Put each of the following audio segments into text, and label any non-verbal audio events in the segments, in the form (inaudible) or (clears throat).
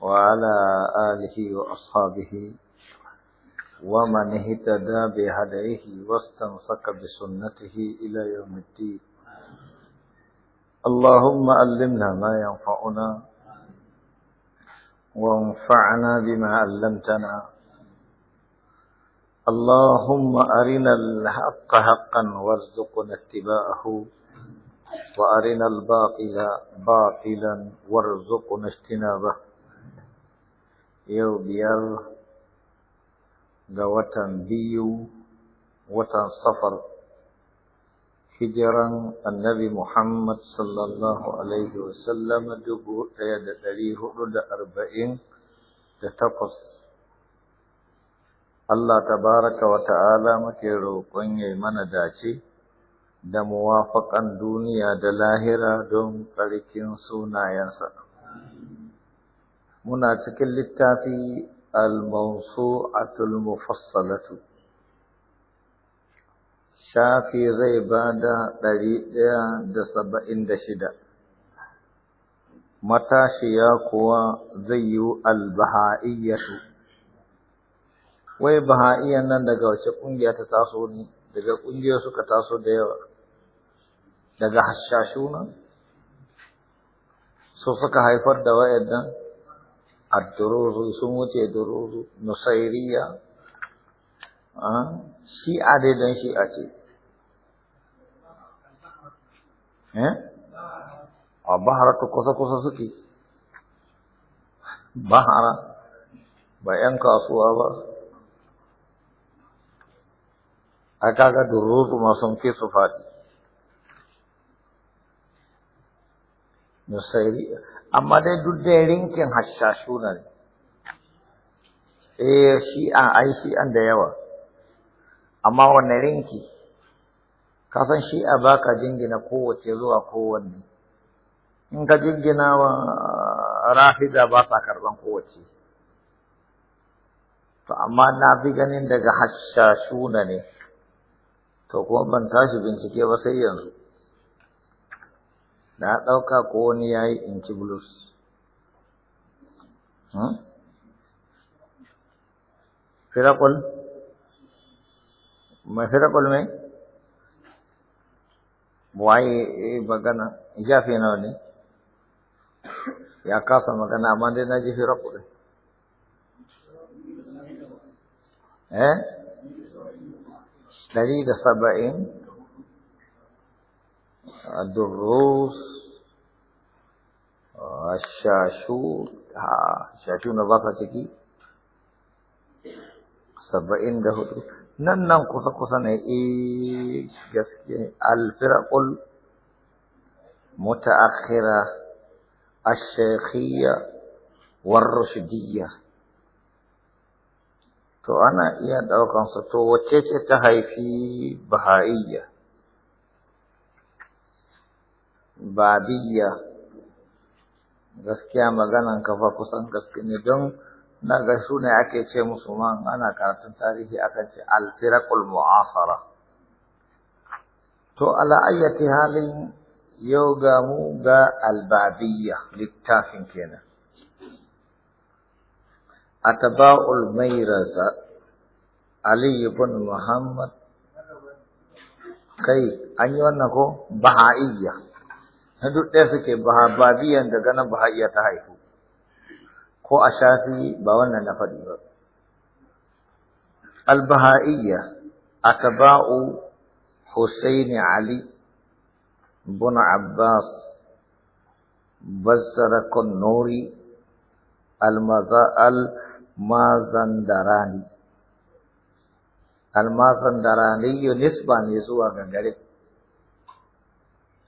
وعلى آله وأصحابه ومن اهتدى بهديه واستمسك بسنته إلى يوم الدين اللهم علمنا ما ينفعنا وانفعنا بما علمتنا اللهم أرنا الحق حقا وارزقنا اتباعه وأرنا الباطل باطلا وارزقنا اجتنابه yau biyar ga watan biyu watan safar hijiran annabi Muhammad sallallahu alaihi wasallam dubu ɗaya da dari hudu da arba'in da takwas. Allah tabaraka wa ta'ala muke roƙon ya mana dace da muwafaƙan duniya da lahira don tsarkin sunayensa. muna cikin littafi al-mawsu'atul mufassalatu shafi zai ba da ɗari ɗaya da saba'in da shida matashiya kuwa zai yi albaha'iyyatu wai baha'iyyan nan daga wace ƙungiya ta taso ne daga ƙungiyar suka taso da yawa daga hashashuna su suka haifar da wayannan ad-duruzu sun wuce duruzu nusairiya shi a dai don shi a ce a bahara ta kusa-kusa suke bahara ba 'yan kasuwa ba a kaga duruzu masu ke su faɗi Nusairi, amma dai duk da rinkin na ne. Eh shi an ai shi an da yawa. Amma wanne rinki? Ka san shi a baka jingina kowace zuwa kowanne. In ka jingina wa rafida ba sa karɓan kowace. To amma na fi ganin daga na ne. To kuma ban tashi bincike ba sai yanzu. da ɗauka ko wani ya yi in ci bulus hmm? firakul mai firakul mai waye eh, magana ya fi nawa ne ya kasa magana amma dai na ji firakul eh da saba'in الدروس الشاشون shashuna ba ka ciki saba'in da hudu nan nan kusa-kusa ne eh gaske alfirakul mutaakhira ash-shaykhiyya war-rushdiyya to ana iya daukan su to wace ce ta haifi bahaiyya babiya gaskiya maganan kafa kusan gaske ne don na ga su ake ce musulman ana karatun tarihi akan ce alfirakul mu'asara to ala ayyati halin yau ga mu ga albabiyya littafin kenan ataba'ul mairaza ali ibn muhammad kai an yi wannan ko baha'iyya na duk ɗaya suke ba biyan daga nan ba iya ta haifu ko a shafi ba wannan na faɗi ba albaha'iyya ba'u husaini ali buna abbas بزرك النوري المازندراني nisba ne zuwa gangarin.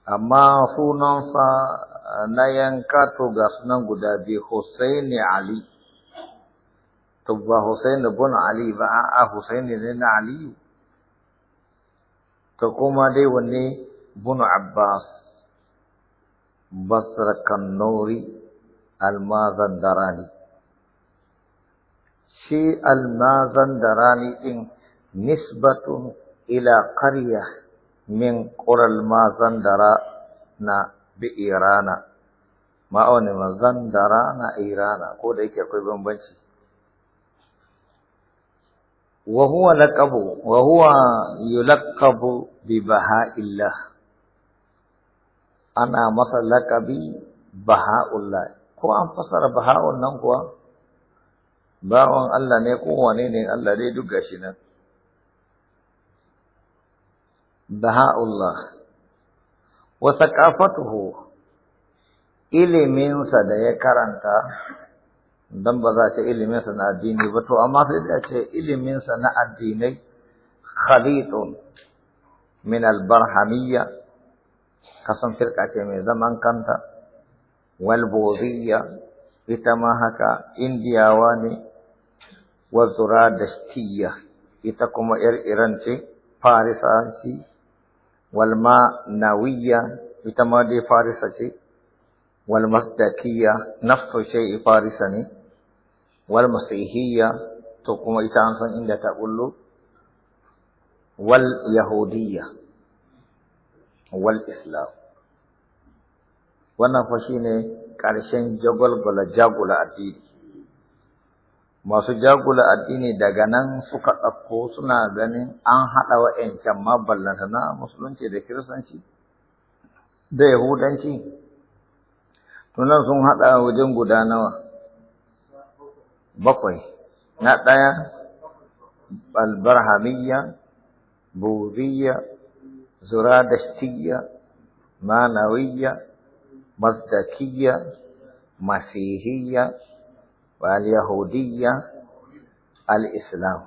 amma sunansa eh, na yanka to ga sunan guda biyu Husaini Ali to ba Husaini bin Ali ba a Husaini ne na Ali to kuma dai wanne bin Abbas Basra almazan darani shi darani din nisbatun ila qaryah min ƙural zandara na bi irana ma'auni zandara na irana ko da yake akwai bambanci wa huwa laqabu wa huwa yulaqabu bi baha'illah ana masa laqabi baha'ullah ko an fasara baha'un nan kuwa bawon Allah ne ko wane ne Allah dai duk gashi nan Baha'ullah wa saqafatuhu iliminsa da ya karanta dan ba za ta iliminsa na addini ba to amma sai da ce iliminsa na addinai khalitun min al kasan firka ce mai zaman kanta wal ita ma haka indiyawa ne wa zuradashtiyya ita kuma yar iran ce farisanci walma nawiya ita ma dai farisa ce wal masdakiya nafsu shay'i farisa ne wal masihiyya to kuma ita an san inda ta bullo wal yahudiyya wal islam wannan fa shine ƙarshen jagwalgwala jagula addini masu jagula addini daga nan suka ɗauko suna ganin an haɗa wa'yancan ma ballanta na musulunci da kiristanci da yahudanci tunan sun haɗa wajen guda nawa bakwai na ɗaya albarhamiyya buriya zuradashtiya manawiyya masdakiyya masihiyya واليهودية الإسلام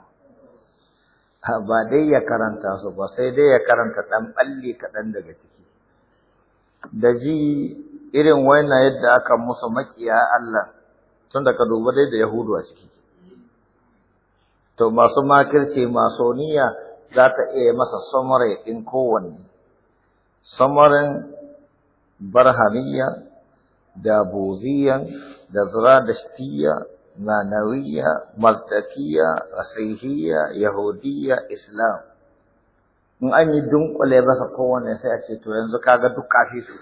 ba dai ya karanta su ba sai dai ya karanta ɗan ɓalli kaɗan daga ciki da ji irin waina yadda aka musu makiya Allah tun da ka duba dai da Yahudu a ciki to masu makirci niyya za ta iya masa samare ɗin kowanne samarin barhamiya da buziyan نظرة دشتية معنوية ملتكية مسيحية yahudiya, islam. in an yi dunkule sa kowane sai a ce to yanzu kaga duk kafi su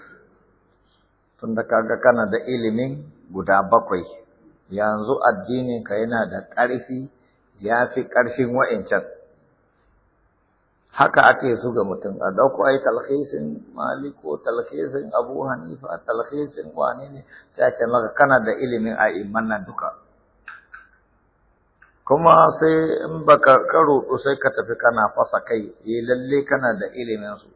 tunda kaga kana da ilimin guda bakwai yanzu addinin ka yana da ƙarfi ya fi ƙarfin wa'incan haka ake su ga mutum a dauko ai talhisin maliko talhisin abu hanifa talhisin wane ne sai ake maka kana da ilimin a iman nan duka kuma sai in baka karo sai ka tafi kana fasa kai ya eh, lalle kana da ilimin su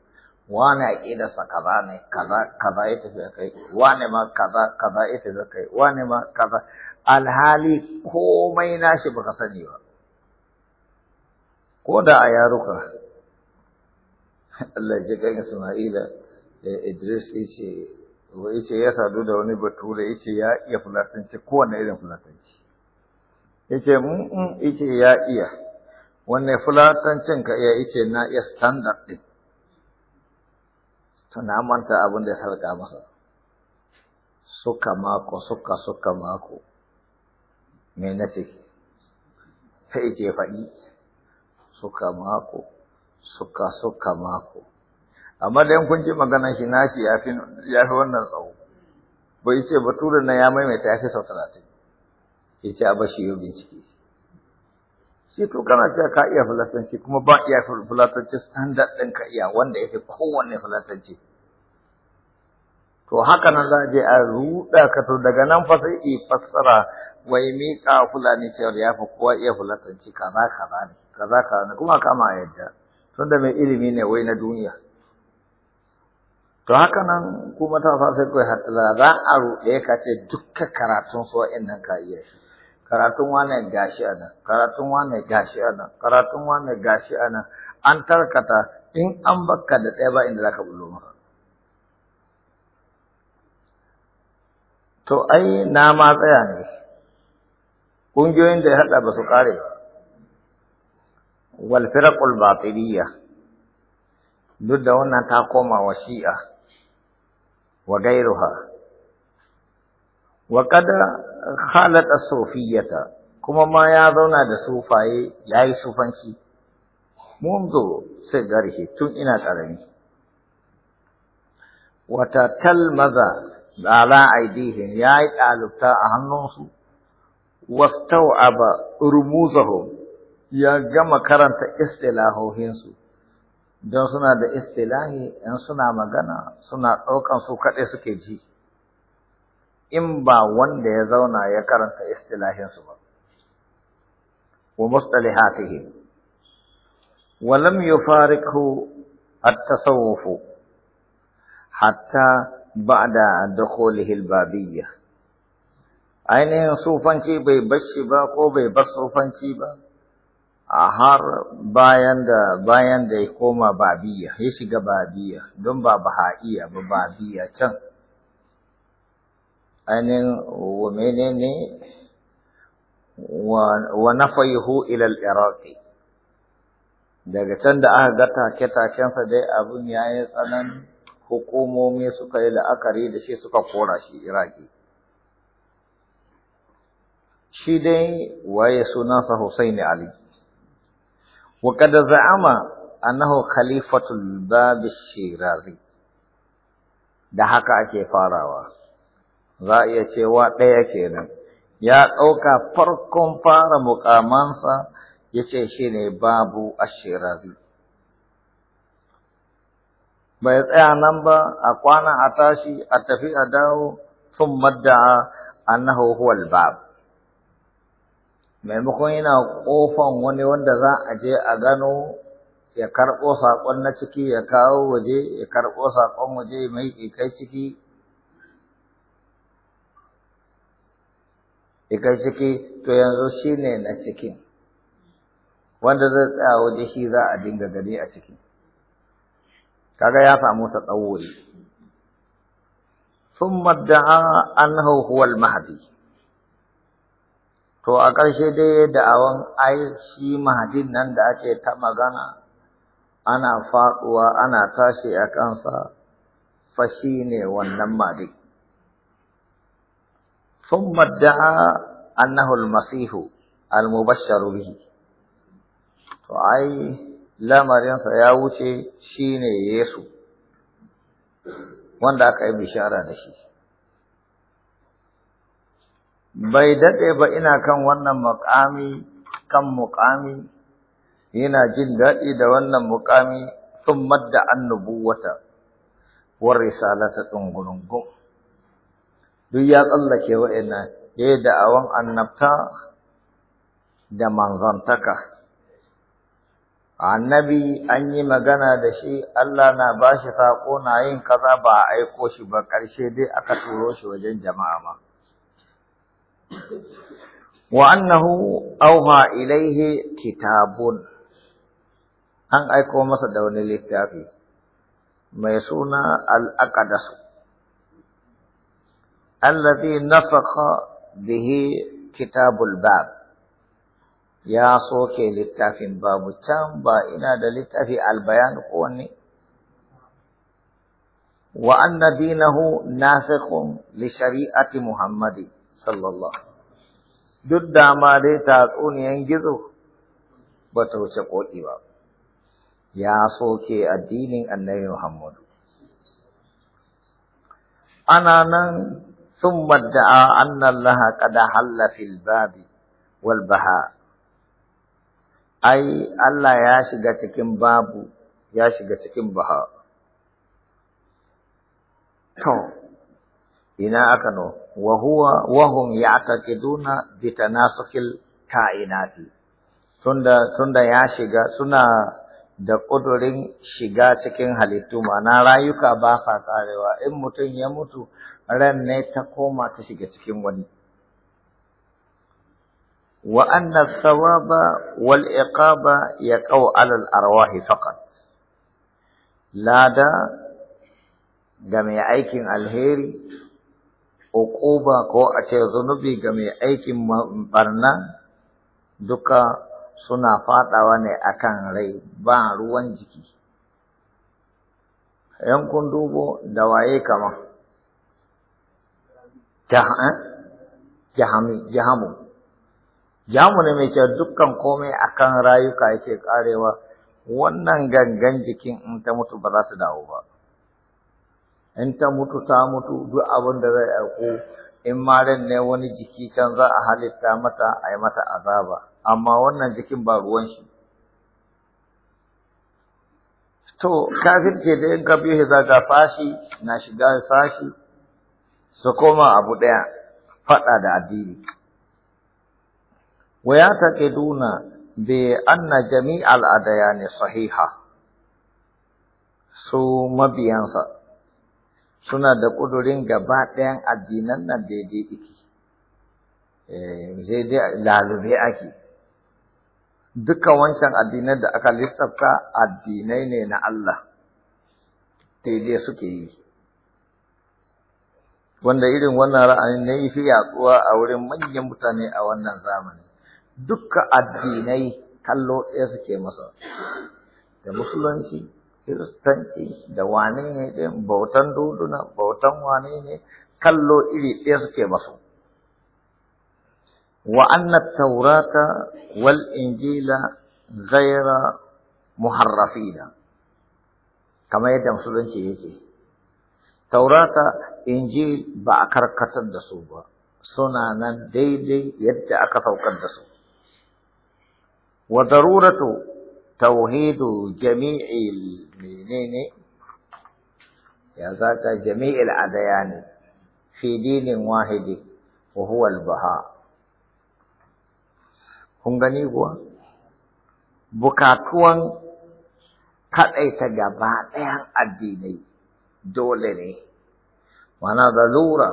wane sa kaza ne kaza kaza ya tafi kai wane ma kaza kaza ya tafi kai wane ma kaza alhali komai nashi baka sani ba ko da a yaruka Allah ya kai Isma'ila Idris yace wa yace ya sadu da wani bature yace ya iya fulatanci kowanne irin fulatanci yace mu mm, mm, yace ya iya wannan fulatancin ka iya yace na iya standard din to na manta abin da ya sarka masa suka mako suka suka mako me nace sai yace faɗi suka mako suka suka mako amma da kun ji magana shi nashi ya fi ya fi wannan tsawo bai ce bature na ya maimaita ya fi sau talatin ya ce a bashi yau bincike shi to kana cewa ka iya fulatanci kuma ba iya fulatanci standard ɗin ka iya wanda ya fi kowanne fulatanci to haka nan za a je a ruɗa ka to daga nan fa sai i fassara wai miƙa fulani cewar ya fi kowa iya fulatanci kaza kaza ne kaza kaza ne kuma kama yadda tunda mai ilimi ne wai na duniya to haka nan ku matasa sai kai hatta za a ruɗe ka ce dukkan karatun su wa'annan ka iya shi karatun wane gashi a nan karatun wane gashi a nan karatun wane gashi a nan an tarkata in an bakka da ɗaya ba inda za ka bullo masa to ai na ma tsaya ne ƙungiyoyin da ya haɗa ba su ƙare ba والفرق الباطلية ضد أن تقوم وشيئة وغيرها وقد خالت الصوفية كما ما يظن هذا صوفي لا يصوفن شيء منذ سجره تون إنا ترمي وتتلمذ على أيديهم يا أهل التاء أهنوس واستوعب رموزهم ya gama karanta istilahohinsu don suna da istilahi in suna magana suna ɗaukan su kaɗai suke ji in ba wanda ya zauna ya karanta istilahinsu ba wa mustalihatihi wa lam yufariqhu at-tasawwuf hatta ba'da da al-babiyyah ainihin sufanci bai bashi ba ko bai bar sufanci ba A har bayan da bayan da ya koma babiya ya shiga babiya don ba baha'iya ba babiya can ainihin wa menene wa na ila ilal iraqi daga can da aka ga take-takensa dai abin ya yi tsanan hukumomi suka yi la'akari da shi suka kora shi iraki shi dai waye sunansa Hussaini ali وقد زعم أنه خليفة الباب الشيرازي da haka ake farawa za iya cewa ɗaya kenan ya ɗauka farkon fara muƙamansa ya ce shi ne babu ashirazi bai tsaya nan ba a kwana a tashi a tafi a dawo sun madda'a annahu huwal babu maimakon yana ƙofan wani wanda za a je a gano ya karɓo saƙon na ciki ya kawo waje ya karɓo saƙon waje mai ikai ciki kai ciki to yanzu shi ne na cikin wanda zai tsaya waje shi za a dinga gani a ciki kaga ya samu ta tsawo ne sun an hau huwal mahadi. To a ƙarshe dai da'awan ai shi mahadin nan da ake ta magana ana faɗuwa ana tashi a kansa fashi ne wannan mahadi. ثم ادعى أنه masihu alMubashar Ruhi. to ai lamarinsa ya wuce shi ne Yesu wanda aka yi bishara da shi bai daɗe ba ina kan wannan muƙami kan muƙami yana jin daɗi da wannan muƙami sun madda annubuwata war risalata ɗungurungun duk ya tsallake wa'ina da yi da'awan annabta da manzantaka annabi an yi magana da shi Allah na bashi shi saƙo na yin kaza ba a aiko shi ba ƙarshe dai aka turo shi wajen jama'a ma wa'annahu au ha illahi kitabun. An aiko masa da wani littafi. Mai suna al'aqadasu. An nadi na saka bihi kitabul ba. Ya soke littafin babu can, ba ina da littafi albayan ko wani. Wa'an na dina ku na shari'ati Muhammadu. sallallahu duk dama dai tatsuniyan gizo ba ta wuce koki ba ya soke addinin annabi muhammadu ana nan sun madda'a annallaha kada halla fil wal baha ai allah ya shiga cikin babu ya shiga cikin baha to ina aka nufi وهو وهم يعتقدون بتناسخ الكائنات tunda tunda ya shiga suna da ƙudurin shiga cikin halittu ma'ana rayuka ba sa karewa in mutum ya mutu ran ne ta koma ta shiga cikin wani wa anna thawaba wal iqaba yaqau ala al arwahi faqat lada ga mai aikin alheri uquba ko a ce zunubi ga mai aikin barna duka suna fadawa ne akan rai ba ruwan jiki yankun dubo da waye kama eh? jahamu jahamu ne mai cewa dukkan komai akan rayuka yake karewa wannan gangan jikin in ta mutu ba za su dawo ba in ta mutu ta mutu duk abin da zai ɗauko in ma ne wani jiki can za a halitta mata a yi mata azaba amma wannan jikin ba ruwan shi to kafin ke da in biyu fashi na shiga sashi su koma abu ɗaya faɗa da addini wa ya duna bi anna jami'al ne sahiha su mabiyansa suna da ƙudurin gaba ɗayan addinan nan daidai iki zai eh, dai lalube ake duka wancan addinan da aka lissafta addinai ne na Allah daidai suke yi wanda irin wannan ra'ayin yi fi yaduwa a wurin manyan mutane a wannan zamani duka addinai kallo ɗaya suke masa da musulunci kiristanci da wane ne ɗin bautan duduna bautan wane ne kallo iri ɗaya suke masu wa anna taurata wal injila ghaira muharrafina kamar yadda musulunci yake taurata injil ba a karkatar da su ba suna nan daidai yadda aka saukar da su wa daruratu tauhidu jami'il menene ya zaka jami'il adayani fi dinin wahidi wa huwa al-baha kun gani kuwa bukatuwan kaɗaita gaba ɗayan addinai dole ne mana da lura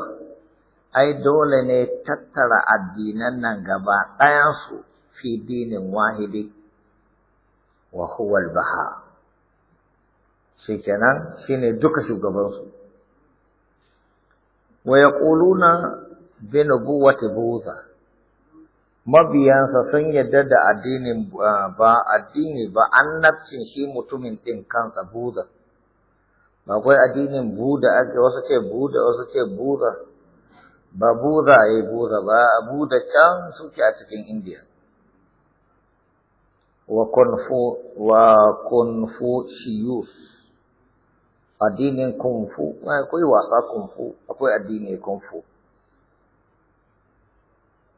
ai dole ne tattara addinan nan gaba ɗayansu fi dinin wahidi wa huwal baha shikenan shine duka shugabansu wa yaquluna bi nubuwati buza mabiyansa sun yadda da addinin ba addini ba annabcin shi mutumin din kansa buza ba addinin buda ake wasu ce buda wasu ce buza ba buza ya buza ba buda can suke a cikin indiya wa kunfu, kunfu wa Confucius addinin Kung Fu akwai wasa kunfu, Fu akwai addinin kunfu.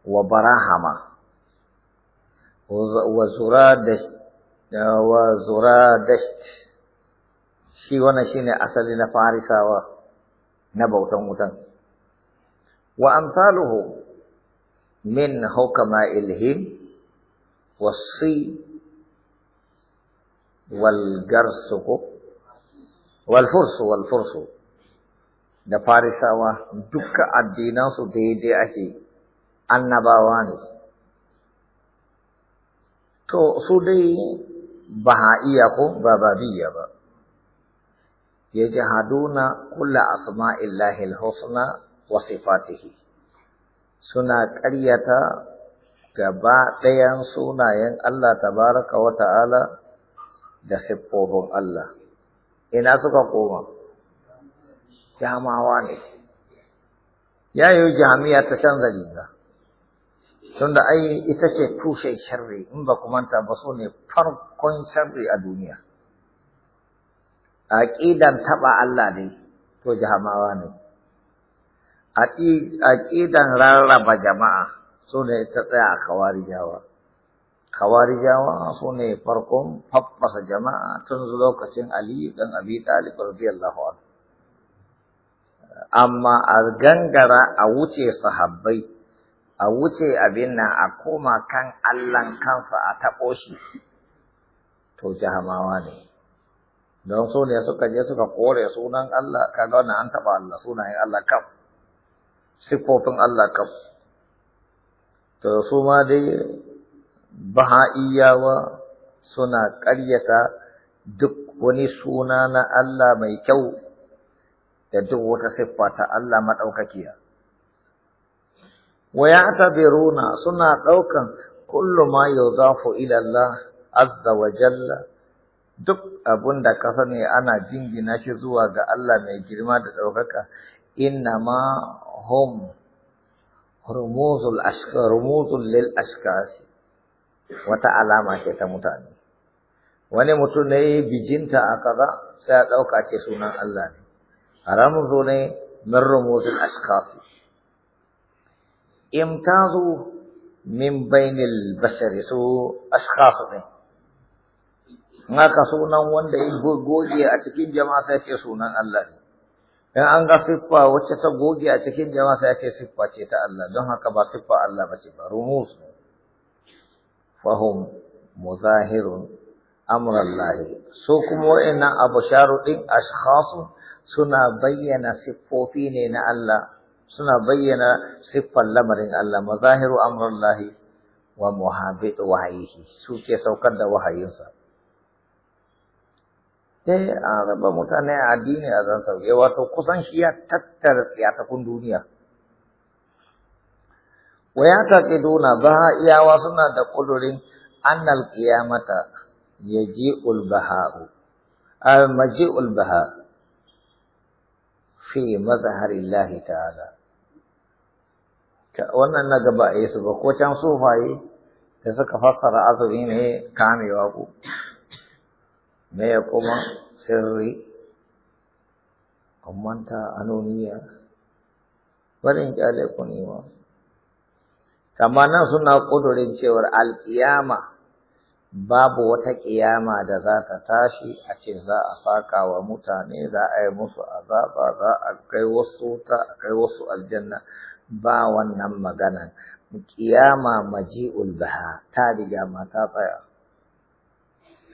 wa Barahama wa zura Zuradasht wa Zuradasht shi wannan shine asali na Farisawa na bautan wutan wa amsaluhu min hukama'il Hind was walgarsu ko da farisawa dukkan addinansu daidai ake annabawa ne to su dai baha'iya ko bababiya ba yajhaduna haduna kula alhusna wa sifatihi suna ƙaryata gaba ɗayan sunayen Allah tabaraka wa ta'ala da siffofin Allah ina suka koma jamawa ne ya yi jami'a ta canza riga tunda ai ita ce tushe sharri in ba ku manta ba so ne farkon sharri a duniya aqidan taba Allah ne to jamawa ne aqidan rarraba jama'a so ne ta tsaya a khawarijawa Khawarijawa su ne farkon faffasa jama'a tun lokacin Ali dan Abi Talib radiyallahu anhu. Amma a gangara a wuce sahabbai, a wuce abin nan a koma kan Allah kansa a tabo shi, to jahamawa ne. Don su ne suka je suka kore sunan Allah, kaga wannan an taba Allah sunayen Allah kam, Sifofin Allah kam. To su ma dai Baha'iyawa suna ƙaryata duk wani suna na Allah mai kyau da duk wata siffa ta Allah maɗaukakiya. Wa ya'tabiruna suna ɗaukan kullu ma yudafu ila Allah azza wa jalla duk abun da ka ne ana jingina shi zuwa ga Allah mai girma da ɗaukaka inna ma hum rumuzul ashka lil ashkasi wata alama ce ta mutane wani mutum ne bijinta a kaza sai a ɗauka ce sunan Allah ne zo ne min rumuzin ashkasi zo min bainil bashari su ashkasu ne Naka sunan wanda ya goge a cikin jama'a sai ce sunan Allah ne in an ga siffa wacce ta goge a cikin jama'a sai ce siffa ce ta Allah don haka ba siffa Allah ba ce ba rumuz ne fahum muzahirun amrallahi su kuma wa'annan abu ɗin din ashkhasu suna bayyana siffofi ne na Allah suna bayyana siffar lamarin Allah mazahiru amrallahi wa muhabit wahayihi suke saukar da wahayinsa sai a raba mutane a addini a zan sauke wato kusan shi ya tattara tsiyatakun duniya wa ya baha iyawa suna da kudurin annal qiyamata yaji'ul baha'u al-maji'ul baha fi mazharillahi ta'ala wannan na gaba a su ba ko can sufaye da suka fassara azumi ne kamewa ku me ya kuma sirri kumanta anoniya barin kyale ku amma suna ƙudurin cewar alƙiyama babu wata ƙiyama da za ta tashi a ce za a saka wa mutane za a yi musu azaba za a kai wasu ta a kai wasu aljanna ba wannan maganan ƙiyama maji'ul baha ta riga ma ta tsaya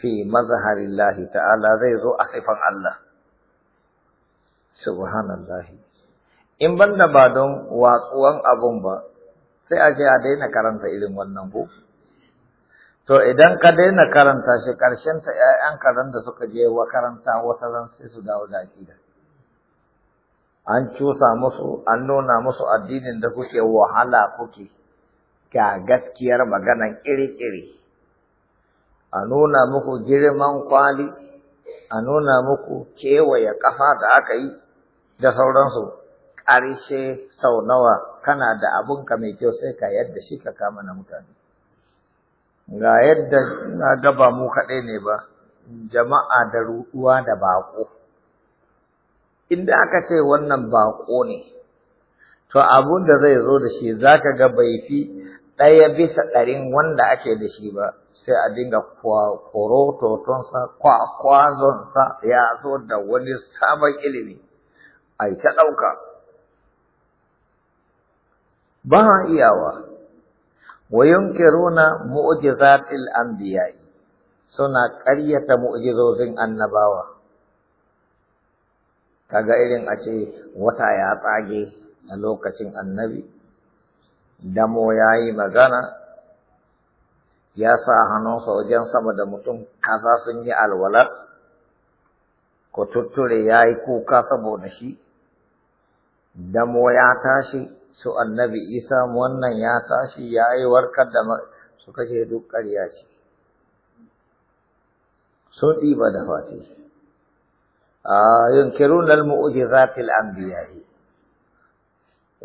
fi mazharillahi ta'ala zai zo a kaifan Allah subhanallahi in banda ba don watsuwan abun ba sai a ce a daina karanta irin wannan ko to idan ka daina karanta shi karshen ta ƴaƴan karanta da suka je wa karanta wata ran sai su dawo da aqida an cusa musu an nuna musu addinin da kuke wahala kuke ga gaskiyar maganan ƙiri-ƙiri. a nuna muku girman kwali a nuna muku kewaye ƙasa da aka yi da sauransu ƙarshe sau nawa kana da abun ka mai kyau sai ka yadda shi ka kama na mutane. Ga yadda na gaba mu kaɗai ne ba, jama'a da ruɗuwa da baƙo. Inda aka ce wannan baƙo ne, to abun da zai zo da shi zaka ga bai fi ɗaya bisa ɗarin wanda ake da shi ba, sai a dinga korototonsa, kwakwazonsa ya zo da wani sabon ilimi, a ta ɗauka. ba a iyawa wa yunkiruna mu'jizatil anbiya'i suna ƙaryata mu'jizozin annabawa kaga irin a ce wata ya tsage a lokacin annabi damo ya yi magana ya sa hannunsa wajen sama da mutum kaza sun yi alwalar ko tutture ya yi kuka saboda shi damo ya tashi su annabi isa wannan ya tashi ya yi warkar da su kashe duk ƙarya ce sun ɗiba da fati yunkiruna al biya yi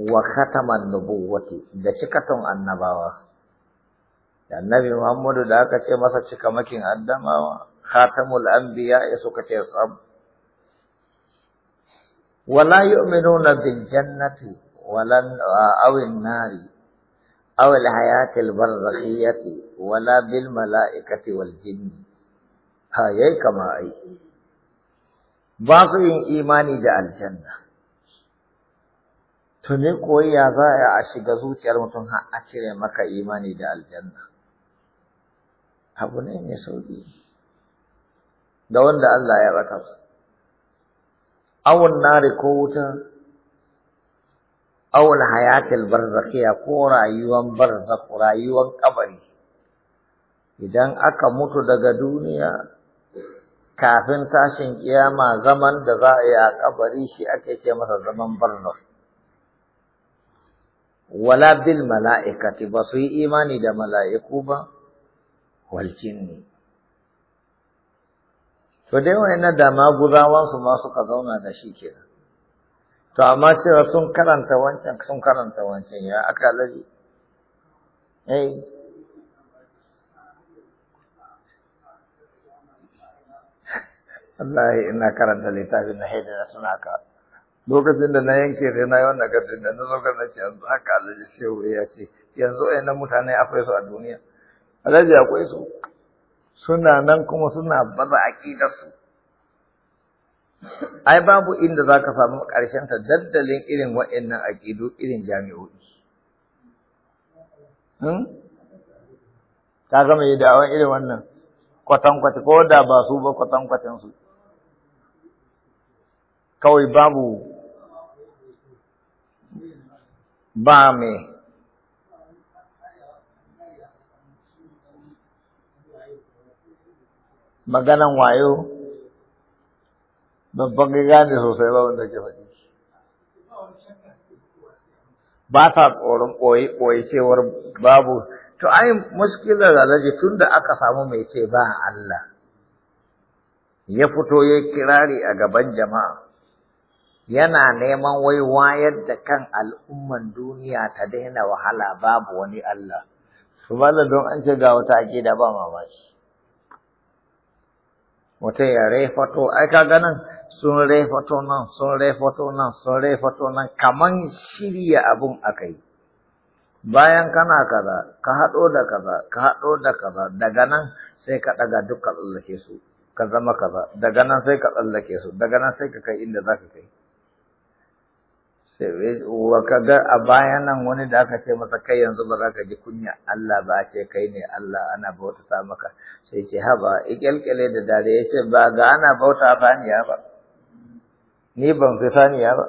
wa khataman nubuwwati da cikaton annabawa da annabi Muhammadu da aka ce masa cikamakin addamawa khatamul ya suka ce sab wala yu'minuna bil jannati ولن او النار او الحياة البرزخية ولا بالملائكة والجن هاي كما أي باطل إيماني دا الجنة tuni koyi ya za a shiga zuciyar mutum ha a cire maka imani da aljanna abu ne mai sauƙi da wanda Allah ya bata awon nare ko wuta awul hayatil barzakhiya ko rayuwan barzak rayuwan kabari idan aka mutu daga duniya kafin tashin kiyama zaman da za a yi a kabari shi ake ce masa zaman barzakh wala bil mala'ikati ba su yi imani da mala'iku ba wal jinni to dai wayannan da maguzawan su ma suka zauna da shi kenan to amma cewa sun karanta wancan sun karanta wancan ya aka lari eh Allah ina karanta littafin na da suna ka lokacin da na yanke da na yi wannan gardin da na zaukar na ce yanzu haka alaji shehu ya ce yanzu ai na mutane akwai su a duniya Alaji akwai su suna nan kuma suna baza aƙidar su ai babu inda zaka samu karshen ta daddalin irin wa'annan aƙidu irin jami'o'i hmm? ka ga mai da'awan irin wannan kwatankwaci ko da ba su ba su kawai babu ba me maganan wayo babban gane sosai ba wanda ke faɗi ba ta tsoron ɓoye ɓoye cewar babu to ai muskilar alaji tun da aka samu mai ce ba Allah ya fito ya kirari a gaban jama'a yana neman wai wayar da kan al'umman duniya ta daina wahala babu wani Allah. Su don an ce ga wata aƙida ba mamaki. mutum ya refato ai ka ganin sun refato nan sun refato nan sun refato nan kaman shirya abun akai bayan kana kaza ka haɗo da kaza ka haɗo da kaza daga nan sai ka ɗaga duk ka tsallake su ka zama kaza daga nan sai ka tsallake su daga nan sai ka kai inda za ka kai wa kaga a bayanan nan wani da aka ce masa kai yanzu ba za ka ji kunya Allah ba ce kai ne Allah ana bauta ta maka sai ce haba ikyalkyale da dare ya ce ba ga ana bauta ni ya ba ni ban fi saniya ba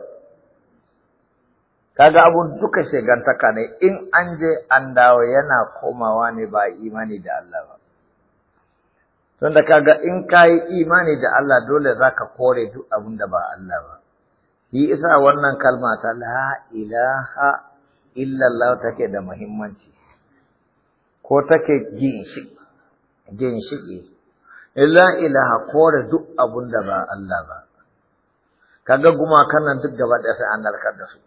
kaga abun duka shegantaka ne in an je an dawo yana komawa ne ba imani da Allah ba tunda kaga in kayi imani da Allah dole zaka kore duk abun da ba Allah ba shi isa wannan kalma ta la ilaha illallah take da muhimmanci, ko take ginshiƙi, illa ilaha da duk abun da ba Allah ba, kaga kuma nan duk gaba da sai an narkar da su.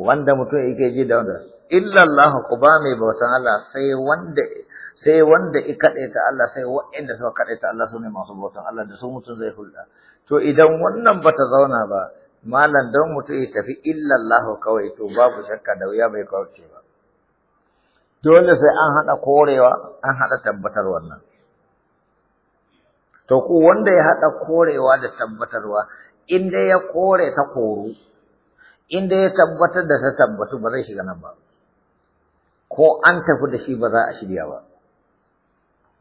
Wanda mutum yake ji da wanda, illallah ku ba mai bautan Allah sai wanda sai wanda i ta Allah sai waɗanda suka ta Allah su ne masu bautan Allah da su mutum zai hulɗa to idan wannan bata zauna ba malam don mutum ya tafi illallahu kawai to babu shakka da wuya bai kawace ba dole sai an haɗa korewa an haɗa tabbatar wannan to ku wanda ya haɗa korewa da tabbatarwa in dai ya kore ta koru in dai ya tabbatar da ta tabbatu ba zai shiga nan ba ko an tafi da shi ba za a shirya ba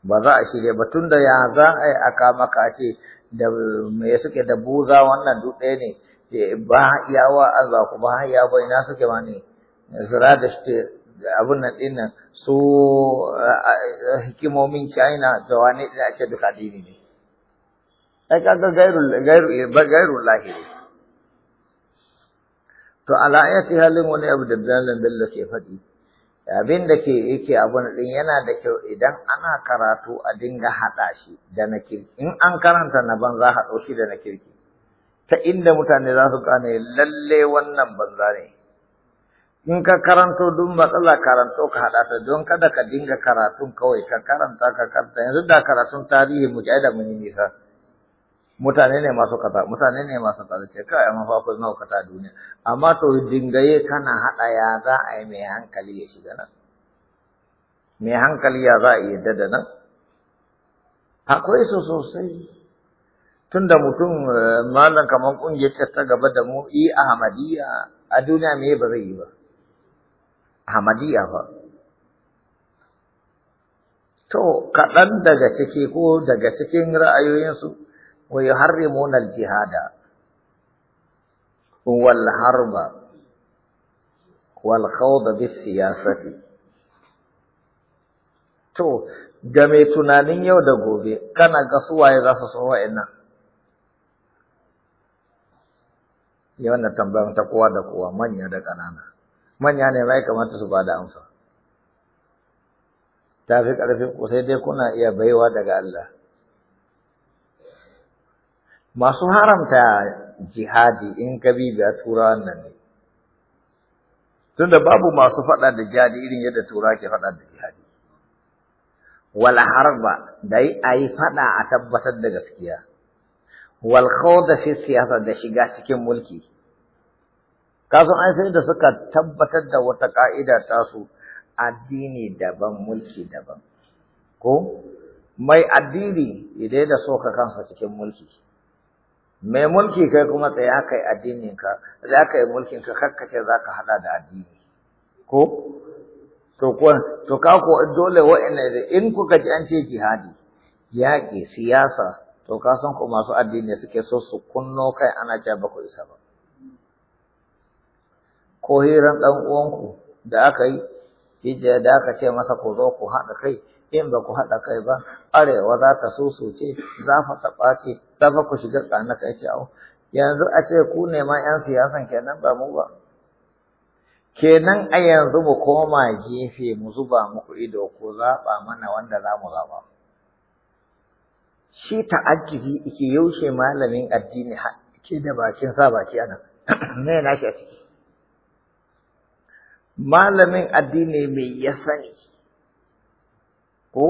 ba za a shirya ba tun da ya za a yi aka maka ce da me suke da buza wannan dutse ne ba iyawa Allah ku ba ya bai na suke ba ne zira da shi abin nan din nan su hikimomin China da wani ɗin a ce duka dini ne ai Gairu gairul gairul gairu lahiri to ala ayati halin wani abu da dalan da ke faɗi abin da ke yake abun din yana da kyau idan ana karatu a dinga haɗa shi da na kirki in an karanta na banza haɗo shi da na kirki ta inda mutane za su gane lalle wannan banza ne in ka karanto duk matsala karanto ka haɗa ta don kada ka dinga karatun kawai ka karanta ka karanta yanzu da karatun tarihi mu da mun yi nisa mutane ne masu kaza mutane ne masu kaza ce kai amma fa akwai mahaukata duniya amma to dingaye kana hada ya za a yi mai hankali ya shiga nan mai hankali ya za a yadda da nan akwai su sosai tunda mutum eh, malam kamar kungiyar ta gaba da mu yi ahmadiyya a duniya me ba zai yi ba ahmadiyya ba to kaɗan daga ciki ko daga cikin ra'ayoyinsu wa yuharrimuna al-jihada wal harba wal khawda siyasati to ga tunanin yau da gobe kana ga waye za su so wa'annan ya wannan tambayar ta kowa da kowa manya da ƙanana manya ne bai kamata su bada amsa ta fi ƙarfi sai dai kuna iya baiwa daga Allah masu haramta jihadi in kabi a turawan nan ne tunda babu masu faɗa da jihadi irin yadda tura ke faɗa da jihadi wal harba da yi a faɗa a tabbatar da gaskiya wal da fi siyasa da shiga cikin mulki kasan an sai da suka tabbatar da wata ka'ida su addini daban mulki daban ko mai addini idai da soka kansa cikin mulki mai mulki kai kuma tsaya kai addininka za ka yi mulkinka kakkace za ka haɗa da addini ko to kuwa to ka ko dole da in kuka ji an ce jihadi yaƙi siyasa to ka san ko masu addini suke so su kunno kai ana ce ba ku isa ba ko hiran ɗan uwanku da aka yi hijira da aka ce masa ku zo ku haɗa kai in ba ku haɗa kai ba arewa za ta ce, za fa ta ce za fa ku shiga tsana kai ce au yanzu a ce ku ne ma 'yan siyasan kenan ba mu ba kenan a yanzu mu koma gefe mu zuba muku ido ko zaɓa mana wanda za mu zaɓa shi ta'ajjibi ike yaushe malamin addini ke da bakin sa baki anan (clears throat) me na shi a ciki malamin addini mai ya sani ko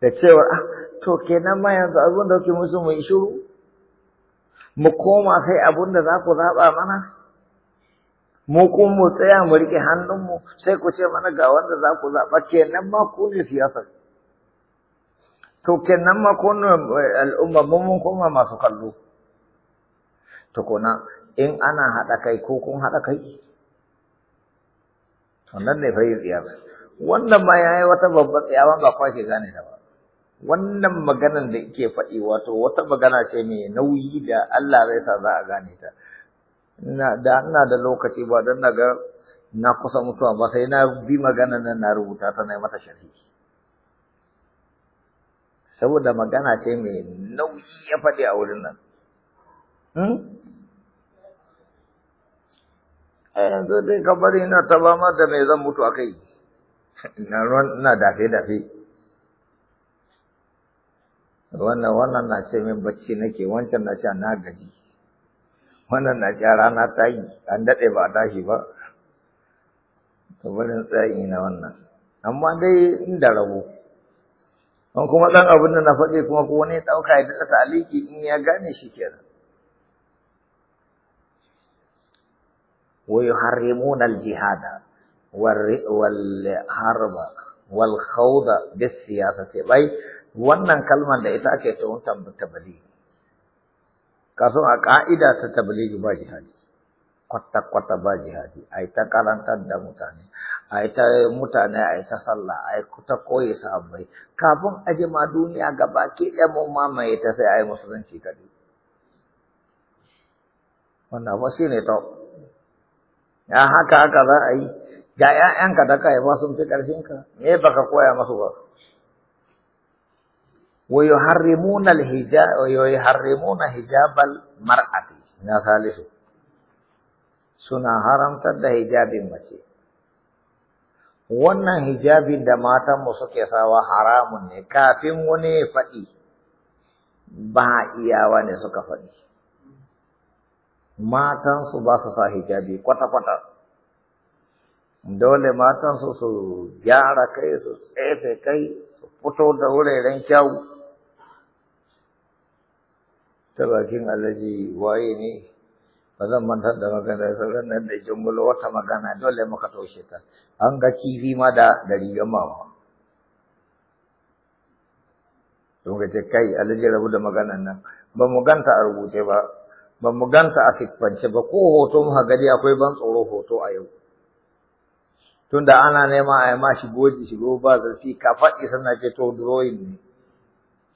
da cewa ah to kenan ma yanzu abin da kuke musu mu shiru mu koma kai abin da za ku zaba mana mu kuma mu tsaya mu riƙe hannunmu sai ku ce mana ga wanda za ku zaba? kenan ma ku ne siyasa to kenan ma ku ne eh, al'umma mun mun koma masu kallo kona in ana haɗa kai ko kun haɗa kai wannan ne fa yin siyasa wannan ma yayi wata babbar tsayawa ba kwa ke gane ta ba wannan maganar da yake faɗi wato wata magana ce mai nauyi da Allah zai sa za a gane ta ina da ina da lokaci ba dan naga na kusa mutuwa ba sai na bi magana nan na rubuta ta na mata sharhi saboda magana ce mai nauyi ya faɗi a wurin nan hmm? a yanzu dai bari na ta ba da mai zan mutu a kai na ruwan ina dafe-dafe wannan wannan na ce min bacci nake wancan na ce na gaji wannan na ce rana ta yi an daɗe ba a tashi ba to barin tsayi na wannan amma dai inda rabo an kuma ɗan abin da na faɗi kuma ko wani ɗauka ya daɗa taliki in ya gane shi kenan wa yuharrimuna al-jihada harba wal khawda bis siyasati bai wannan kalmar da ita ake tuhumtar tabligi kaso a ka'ida ta tabligi ba jihadi kwata-kwata ba jihadi a ta karantar da mutane a ita mutane a ta sallah a ta koyi sabai kafin a jima duniya gaba ke ɗaya mun mamaye ta sai a musulunci kaɗai wannan ba shine ne to ya haka haka za a yi ga ‘ya'yanka da ka haifa sun fi ƙarfinka, me baka koya masu ba. Wa harrimuna hijabal mar'ati na salisu, suna haramtar da hijabin mace. Wannan hijabin da matanmu suke sawa haramun ne, kafin wani faɗi, ba iyawa ne suka faɗi. Matansu ba su sa hijabi kwata-kwata. dole matan su su gyara kai su tsefe kai su fito da wuraren kyau ta bakin alaji waye ne ba zan manta da magana sauran nan da jumbulo wata magana dole muka taushe ta an ga kifi ma da dari gamawa sun ga ce kai alaji rabu da maganan nan ba mu ganta a rubuce ba ba mu ganta a siffance ba ko hoton muka gani akwai ban tsoro hoto a yau tunda ana nema a yi ma shigo ji shigo ba zafi ka faɗi sannan ce to drawing ne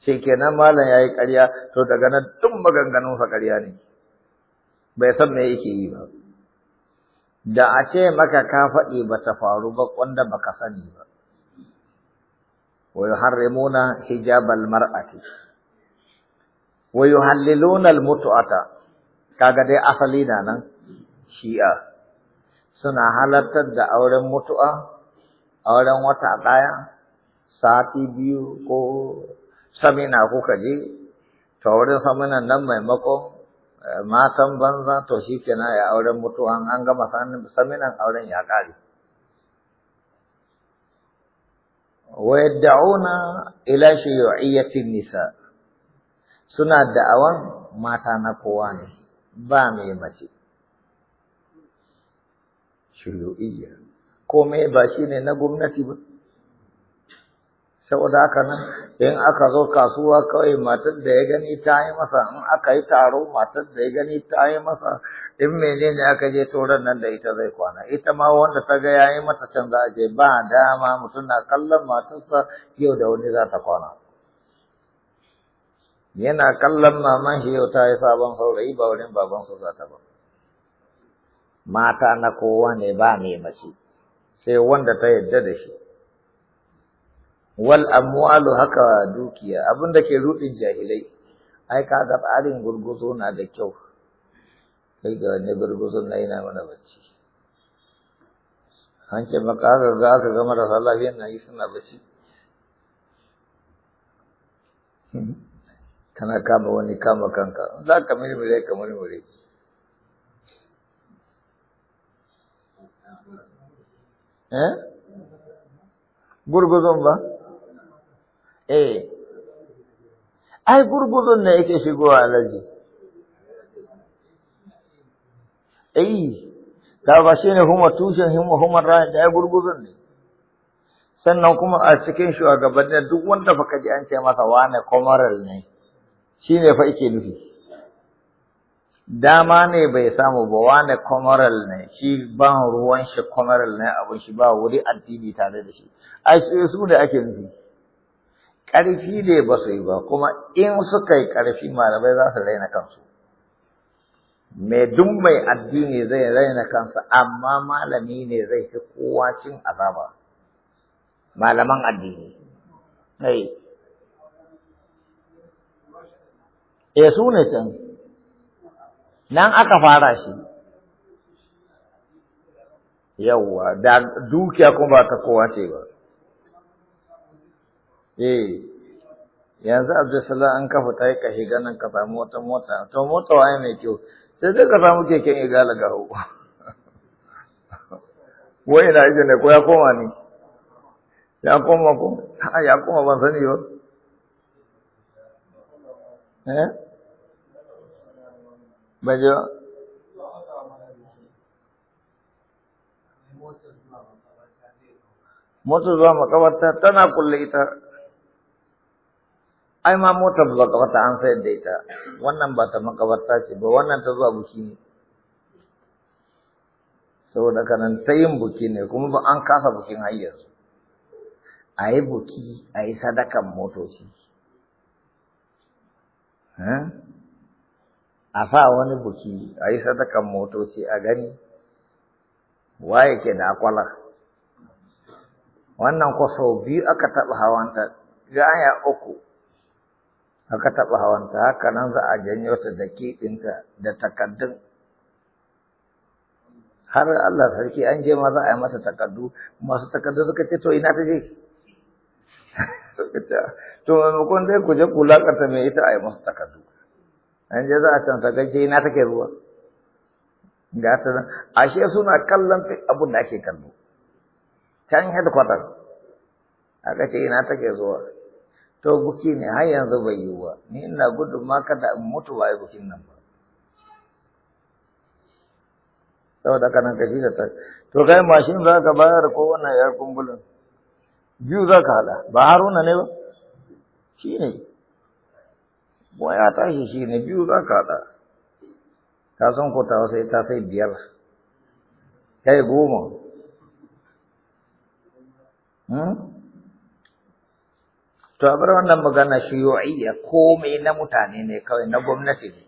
shi kenan malam ya yi ƙarya to daga nan tun maganganun sa ƙarya ne bai san me yake yi ba da a ce maka ka faɗi ba ta faru ba wanda baka sani ba wa yuharrimuna hijabal mar'ati wa yuhalliluna al-mut'ata kaga dai asali na nan shi'a suna halartar da auren mutu'a, auren wata ɗaya, sati biyu ko samina kuka je, to auren saminan nan maimakon eh, matan banza to shi kenan ya auren mutu'a an gama saminan auren ya ƙare. ويدعون إلى شيوعية nisa? suna da'awan mata na kowa ne ba mai mace shuyu'iyya komai ba shine na gwamnati ba saboda haka nan in aka zo kasuwa kawai matar da ya gani ta yi masa in aka yi taro matar da ya gani ta yi masa in menene aka je toron nan da ita zai kwana ita ma wanda ta ga ya yi mata can za a je ba dama mutum na kallon matarsa yau da wani za ta kwana yana kallon maman yau ta yi sabon saurayi ba wurin babansa za ta ba mata na kowa ne ba mai mace sai wanda ta yadda da shi wal amwalu haka dukiya abin da ke rudin jahilai ai ka ga tsarin gurguzo na da kyau kai ga ne gurguzo na yana mana bacci an ce maka haka za ka ga marasa lafiyan na yi suna bacci kana kama wani kama kanka za ka mirmire ka mirmire eh gurguzon ba eh ai gurguzon ne yake shigowa alaji eh da ba ne huma tushen huma huma rai da gurguzon ne sannan kuma a cikin shugabannin duk wanda baka ji an ce masa wane komaral ne shine fa yake nufi dama ne bai samu ba wane kwamaral ne shi ba ruwan shi kwamaral ne abin shi ba wuri addini tare da shi a su da ake nufi ƙarfi ne ba su yi ba kuma in suka yi ƙarfi malamai za su raina kansu mai duk mai addini zai raina kansa amma malami ne zai fi kowa cin azaba malaman addini E, su ne can nan aka fara shi yawwa da dukiya kuma ba ta kowa ce ba eh yanzu Abdulsalam an kafa ta yi shiga nan ka samu wata mota to mota waye mai kyau sai dai ka samu keken igala ga hu (laughs) wai ina ije ne ko ya koma ne ya koma ko ya koma ban sani ba eh ba ji ba motar zuwa makabarta tana kulle ita ai ma motar makabarta an sayar da ita wannan ba ta makabarta ce ba wannan ta zuwa buki ne saboda kanan ta yin buki ne kuma ba an kasa bukin har yanzu a yi buki a yi sadakan motoci eh? a sa wani buki a yi sadakan motoci a gani wa ke da akwala wannan ko sau biyu aka taɓa hawanta gaya uku aka taɓa hawanta haka nan za a janyo ta da keɓinta da takaddun har Allah sarki an je ma za a yi mata takaddu masu takaddu suka ce to ina ta je (laughs) to maimakon dai ku je ku lakata mai ita a yi masu takaddu an je za a can sakace na take ruwa ga ta ashe suna kallon abin da ake kallo can headquarter aka ce ina take zuwa to buki ne har yanzu bai yi wa ni ina gudun ma kada in mutu ba bukin nan ba saboda haka nan kashi da ta to kai mashin za ka bayar ko wannan yar kumbulin biyu za ka hada ba haruna ne ba shi ne Bo hmm? ya tashi shi ne biyu za ka haɗa. Ka san ku sai ta sai biyar. yi goma. To a wannan magana shuyu'iyya komai na mutane ne kawai na gwamnati ne.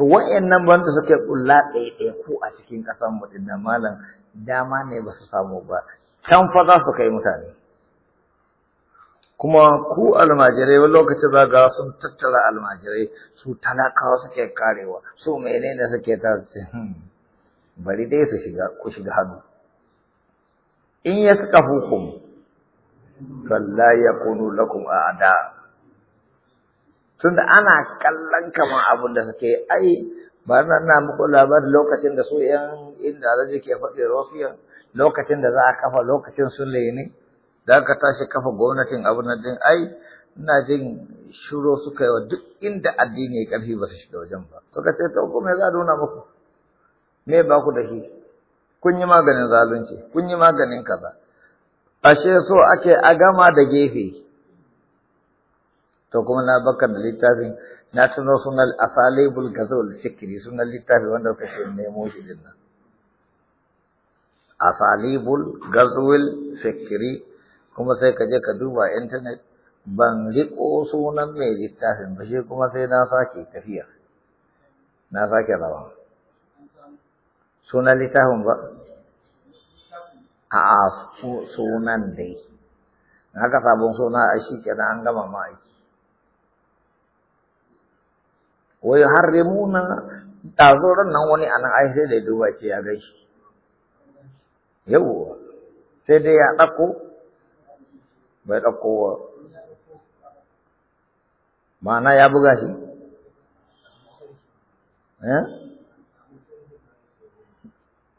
To wa'annan wanda suke kulla ɗaya ko a cikin ƙasar mu da malam dama ne ba su samu ba. Can fa za su kai mutane. kuma ku almajirai wani lokacin za ga sun tattara almajirai su talakawa suke karewa su menene suke ta hmm, bari dai su shiga ku shiga hannu in ya suka hukum falla kunu lakum a'da tunda ana kallon kaman abin da suke ai ba na na muku labarin lokacin da su yan inda zai ke faɗi rosiyan lokacin da za a kafa lokacin sun ne da aka tashi kafa gwamnatin abu na jin ai ina jin shiro suka yi wa duk inda addini ya karfi ba su shiga wajen ba ka ce to ko me za a nuna muku me ba ku da shi kun yi maganin zalunci kun yi maganin kaza ashe so ake a gama da gefe to kuma na baka da littafin na tuno suna asalibul gazol sikiri sunan littafi wanda suka ce nemo shi din nan asalibul gazol sikiri kuma sai ka je ka duba intanet ban riko sunan mai littafin ba shi kuma sai na sake tafiya na sake rawa sunan littafin ba a sunan dai haka sabon suna a shi kenan an gama ma aiki wai har muna ɗazoron nan wani anan ai sai da duba ce ya gaishe Yau sai dai ya ɗauko bai ɗauko wa ma'ana ya buga shi eh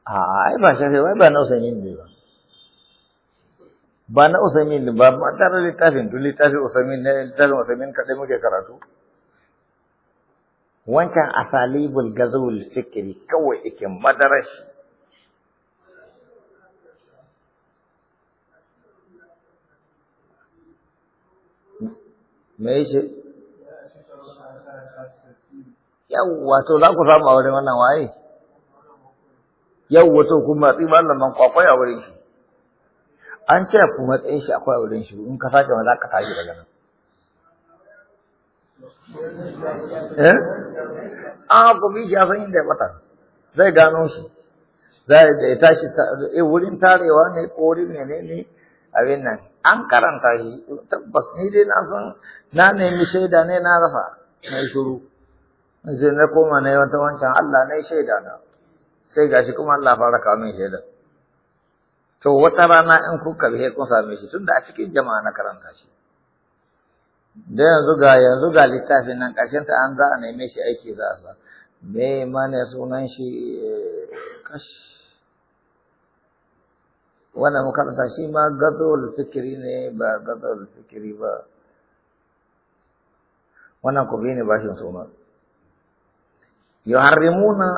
ai ba shi sai ba na usaimin ne ba ba na usaimin ne ba ba tare littafin duk littafin usaimin ne littafin usaimin kaɗai muke karatu wancan asalibul gazul fikri kawai yake madarashi me yace yawwa to za ku samu a wurin wannan waye yawwa to kun matsi malaman kwakwai a wurin shi an ce ku matsayin shi akwai a wurin shi in ka sake ma za ka tashi daga nan eh a ku bi shi san inda ya bata zai gano shi zai da ya tashi eh, wurin tarewa ne ko wurin menene ne abin nan an karanta shi tabbas ni dai na san na nemi shaida ne na rasa na yi shuru sai na koma na yi wata wancan Allah na yi shaida na sai shi kuma Allah fara kawo min shaida to wata rana in kuka bihe kun same shi tunda a cikin jama'a na karanta shi da yanzu ga yanzu ga littafin nan ƙarshen ta an za a neme shi aiki za a sa me ma ne sunan shi eh, kash wannan makaranta shi ma gazol fikiri ne ba gazol fikiri ba wannan ku bi ne bashin suna yuharrimuna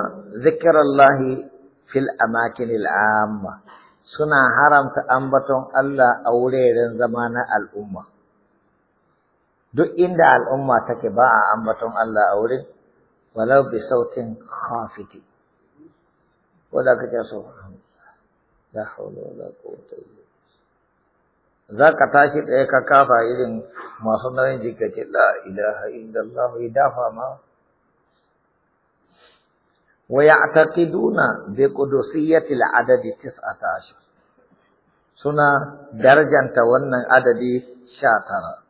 zikrallahi fil amakinil amma suna haramta ambaton Allah a wuraren zama na al'umma duk inda al'umma take ba a ambaton Allah a wurin walau bi sautin khafiti ko da kace so la haula wala quwwata illa za ka tashi ɗaya ka kafa irin masu nauyin jikace la ilaha illallah ya dafa ma wa ya'taqiduna bi qudusiyyati al-adadi 19 suna darjanta wannan adadi 19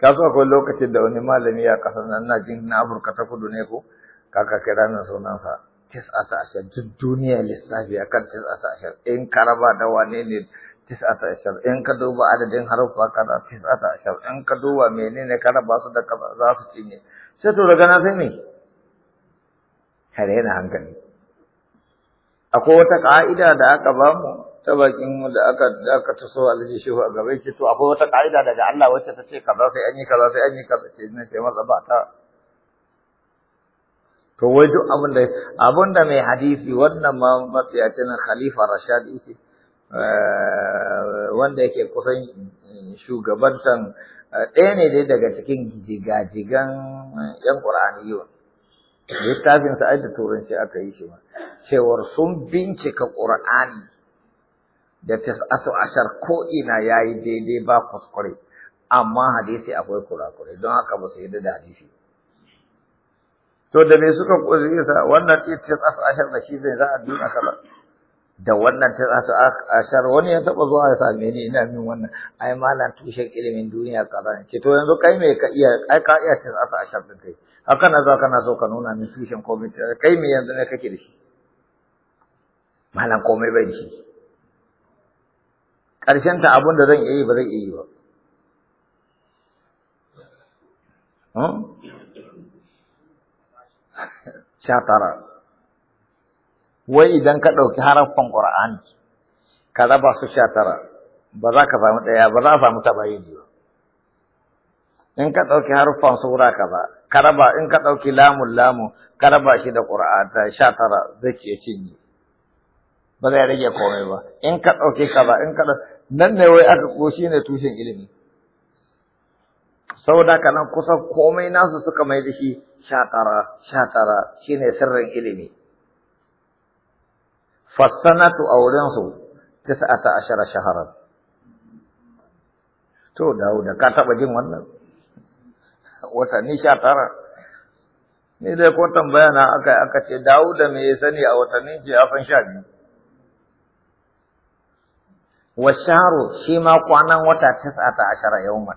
kaso akwai lokacin da wani malami ya kasar nan na jin na burkata ta kudu ne ko kaka kira nan sunansa tis'ata ashar duk duniya lissafi akan tis'ata ashar in karaba raba da wane ne tis'ata ashar in ka duba adadin haruffa kaza tis'ata ashar in ka duba menene ka raba su da kaza za su cinye sai to daga na sai me kare na hankali akwai wata ka'ida da aka ba mu ta bakin da aka aka taso alaji shehu a gaban ki to akwai wata ka'ida daga Allah wacce ta ce kaza sai an yi kaza sai an yi kaza ce na ce masa ba ta to wai duk abin da abin da mai hadisi wannan ma matsayacin khalifa rashad yake eh, wanda yake kusan shugabantan eh, ɗaya ne dai daga cikin jigajigan eh, yan ƙur'aniyun littafin sa'ad da turanci aka yi shi ma cewar sun bincika ƙur'ani da tas'atu ashar ko ina yayi daidai ba kuskure amma hadisi akwai kurakurai don haka ba su yarda da hadisi to da me suka kusa wannan titis ashar da shi zai za a duna kaza da wannan titis ashar wani ya taba zuwa ya same ni ina min wannan ai malam tushe ilimin duniya kaza ne ce to yanzu kai me ka iya ai ka iya titis ashar din kai haka na za na so ka nuna min tushen komai kai me yanzu ne kake da shi malam komai bai shi ƙarshen ta abin da zan iya yi ba zai iya yi ba hmm? sha tara wai idan ka ɗauki harafin ƙur'ani ka raba su sha tara ba za ka samu ɗaya ba za ka samu tabayini ba in ka ɗauki haruffan sura kaza ka raba in ka ɗauki lamun lamun ka raba shi da ƙur'ata sha tara zai ke cinye ba zai rage komai ba in ka ɗauki kaza in ka nan ne wai aka ko shi ne tushen ilimi saboda haka nan kusan komai nasu suka mai da shi sha shatara sha shine sirrin ilimi fassanatu a wurinsu tis'ata ashara shaharar to dawo da ka taɓa jin wannan watanni sha tara ni dai ko tambaya na aka aka ce dawo da me ya sani a watanni je a san sha biyu wa sharu shi ma kwanan wata tis'ata ashara yawman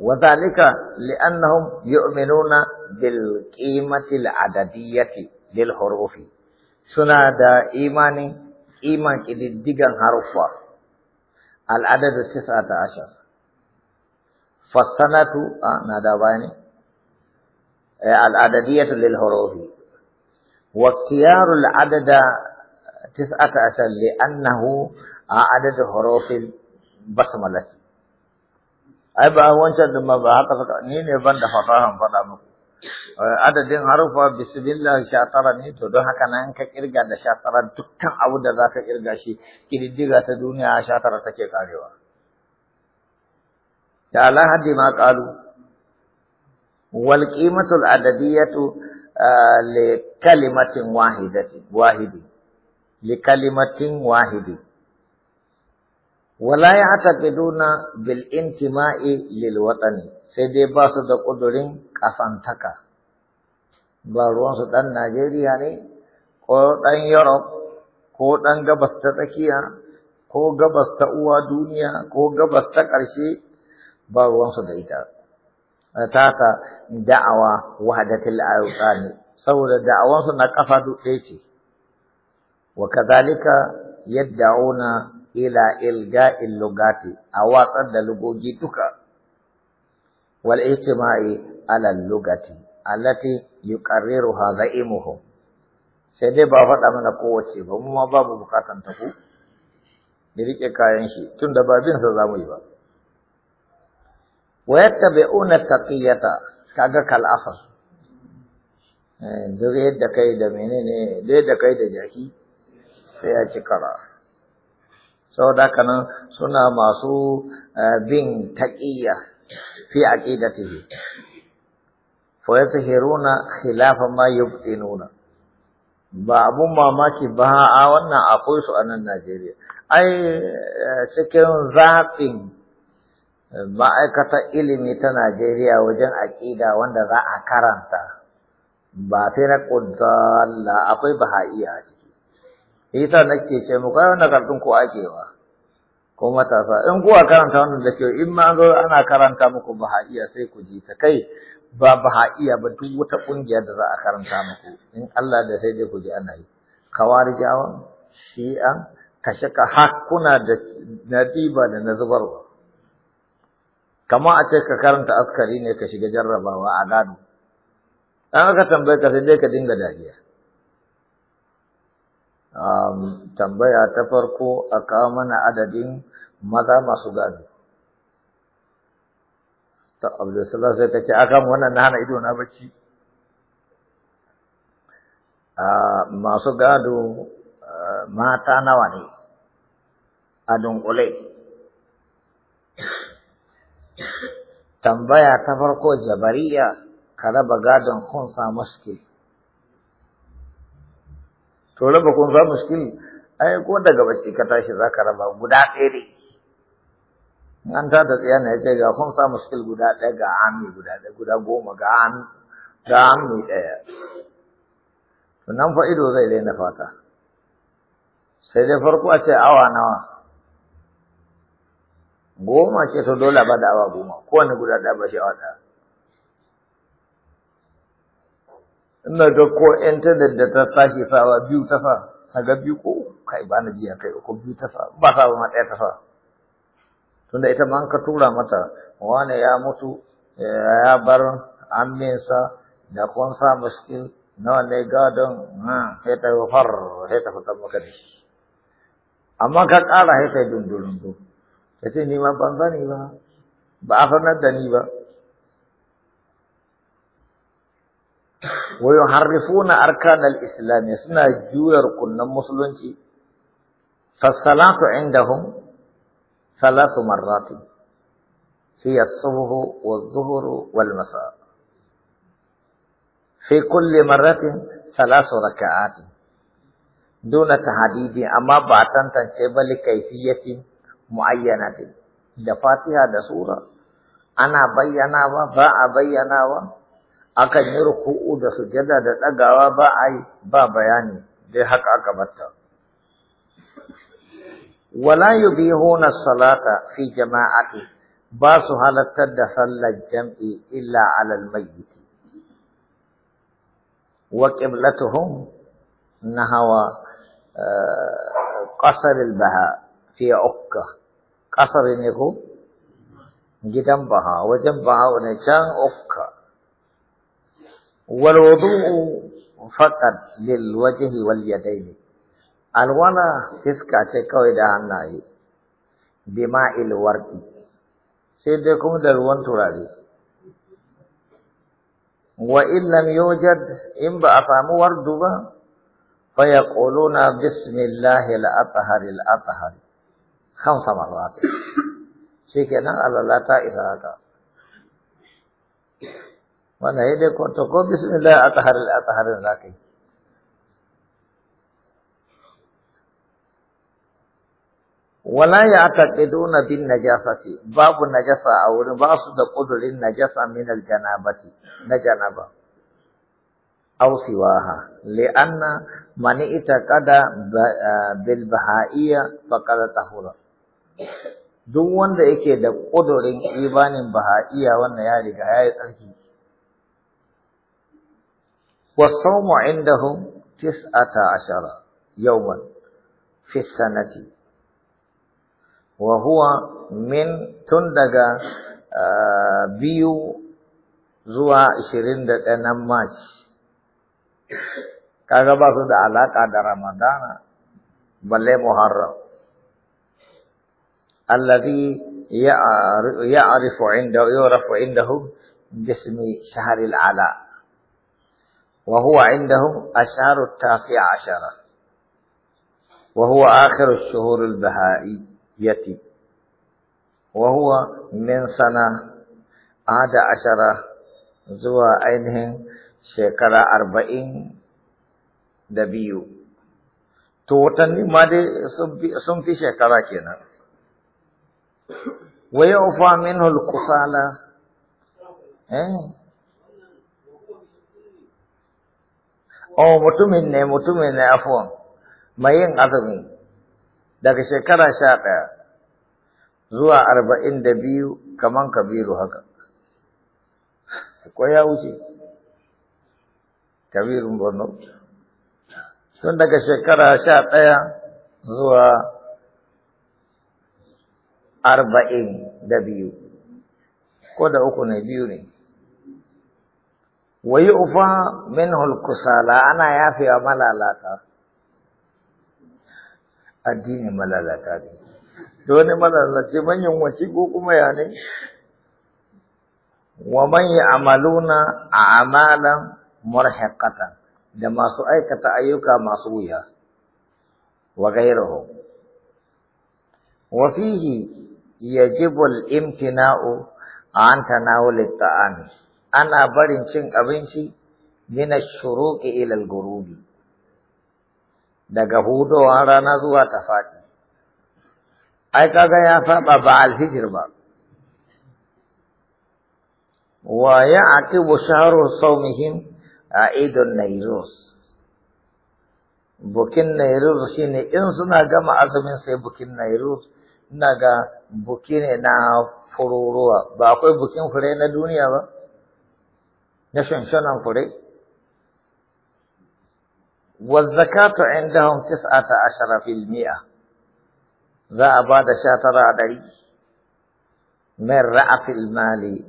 وذلك لأنهم يؤمنون بالقيمة العددية للحروف سنة دا إيمان إيمان إددقا حرفا العدد تسعة عشر فالسنة آه نادا باني آه، العددية للحروف واختيار العدد تسعة عشر لأنه آه، عدد حروف البسملة ai ba wancan din ba haka saka ni ne ban da fasahan fada muku eh, adadin harufa bismillah sha tara to don haka nan ka kirga da sha tara dukkan abu da za ka kirga shi kididdiga ta duniya sha tara take karewa da alhaji ma qalu wal qimatu al adadiyatu eh, li kalimatin wahidati wahidi li kalimatin wahidi wala ya ataqiduna bil intima'i lil watani sai dai ba su da kudurin kasantaka ba ruwansu ɗan Najeriya ne ko dan Europe ko ɗan gabas ta tsakiya ko gabas ta uwa duniya ko gabas ta ƙarshe ba ruwan su da ita taka da'awa wahdatul awqani saboda da'awansu na kafa duk ɗaya ce wa kadhalika yad'una ila ilga'il lugati a watsar da lugogi duka wal ijtima'i ala lugati allati yuqarriruha za'imuhum sai dai ba faɗa mana kowace ba mu ma babu bukatan ta ku ya rike kayan shi tunda ba bin sa zamu yi ba wa yattabi'una taqiyata kaga kal asr eh, duk yadda kai da menene duk kai da jaki sai ya ci kara saboda haka nan suna masu eh, bin taqiyya fi aqidatihi fa yatahiruna khilafa ma yubtinuna ba abun mamaki ba a wannan akwai su a nan Najeriya ai eh, cikin zafin eh, ma'aikatar ilimi ta Najeriya wajen aƙida wanda za a karanta ba sai na ƙudalla akwai baha'iya ce Ita nake ce muku ai wannan karatun ko akewa. Ko matasa in kuwa karanta wannan da kyau in ma an zo ana karanta muku baha'iya sai ku ji ta kai ba baha'iya ba duk wata kungiya da za a karanta muku in Allah da sai dai ku ji ana yi. Kawarijawa, shi'a, kashe ka hakuna da nadiba da na zubarwa. Kamar a ce ka karanta askari ne ka shiga jarrabawa a gado. An aka tambaye ka sai dai ka dinga dariya. Um, tambaya ta farko a kawo mana adadin maza masu gado. Ta Abdulsalam sai ta ce, "Aka wannan na hana ido na bacci." masu gado mata nawa ne a dunkule. tambaya ta farko jabariya ka raba gadon kunsa muskil. to raba kun za muskil ai ko daga bacci ka tashi za ka raba guda ɗaya ne an ta da tsaya ne yace ga kun samu muskil guda ɗaya ga ami guda ɗaya guda goma ga an ga ami ɗaya to nan fa ido zai daina fata sai dai farko a ce awa nawa goma ce to dole ba da awa goma kowane guda ɗaya ba shi awa ɗaya ina ga ko intanet da ta tashi sawa biyu ta sa ga biyu ko oh, kai ba na biya kai ko biyu ta sa ba sa ma ɗaya ta sa tunda ita ma an ka tura mata wane ya mutu eh, ya bar amminsa da kun sa muskil nawa ne gadon sai ta yi far sai ta fitar maka da shi amma ka ƙara sai ta yi dundurundu ta ce ni ma ban sani ba ba a sanar da ni ba ويحرفون أركان الإسلام سنة جوير كنا مسلمين فالصلاة عندهم ثلاث مرات هي الصبح والظهر والمساء في كل مرة ثلاث ركعات دون تحديد أما بعتن تنشب لكيفية معينة دفاتها دسورة أنا بيناوا باء بيناوا akan yi ruku'u da sujada da ɗagawa ba a yi ba bayani dai haka aka batta. Wala yubihuna salata fi jama'ati ba su halattar da sallar jam'i illa alal mayyiti. Wa qiblatuhum na hawa eh, al-baha fi ukka. ƙasar ne ko? Gidan baha wajen baha ne can ukka. lil فقط للوجه واليدين alwana iska ce kawai da hannaye bima ilwarki sai dai kuma da ruwan turare wa in lam yujad in ba a samu wardu ba fa yaquluna bismillahi al-athhar al-athhar khamsa marrat shikenan alwala ta isa haka wannan ya dai kwanta ko bismillah a taharar a taharar za ka yi wala ya taqiduna bin ce, babu najasa a wurin ba su da kudurin najasa min aljanabati na janaba aw li'anna man itaqada bil bahaiya faqad tahura duk wanda yake da ƙudurin ibanin bahaiya wannan ya riga yayi tsarki والصوم عندهم تسعة عشر يوما في السنة وهو من تندق بيو زوا عشرين دقيقة ماش kaga ba su da alaka da ramadana balle muharram allazi ya'rifu inda ya'rifu indahu bismi shahril ala وهو عنده أشهر التاسع عشر وهو آخر الشهور البهائية وهو من سنة أحد عشر زوى أينهم شكرا أربعين دبيو توتن ما دي سمتي شكرا fi ويوفى منه wa o oh, mutumin ne mutumin ne afuwan mai yin azumi daga shekara sha ɗaya zuwa arba'in da biyu kaman kabiru haka ko ya wuce kabirun borno tun daga shekara sha ɗaya zuwa arba'in da biyu ko da uku ne biyu ne wa ufa min hulkusala ana yafewa malalata addini malalata ne Dole wani malalace manyan wasi ko kuma ya ne wa man ya'maluna a'malan murhaqata da masu aikata ayyuka masu wuya wa ghayruhu wa fihi yajibu al-imtina'u an tanawul ana barin cin abinci min ash-shuruqi ila al-ghurubi daga hudowa rana zuwa ta faɗi ai kaga ya saba ba al-hijr ba wa ya'qibu shahru sawmihim aidun nairus bukin nairus shine in suna gama azumin sai bukin nairus ina ga buki na fururuwa ba akwai bukin fure na duniya ba نشمشنا قري والزكاة عندهم تسعة عشر في المئة ذا أباد شاترا دري من رأى في المال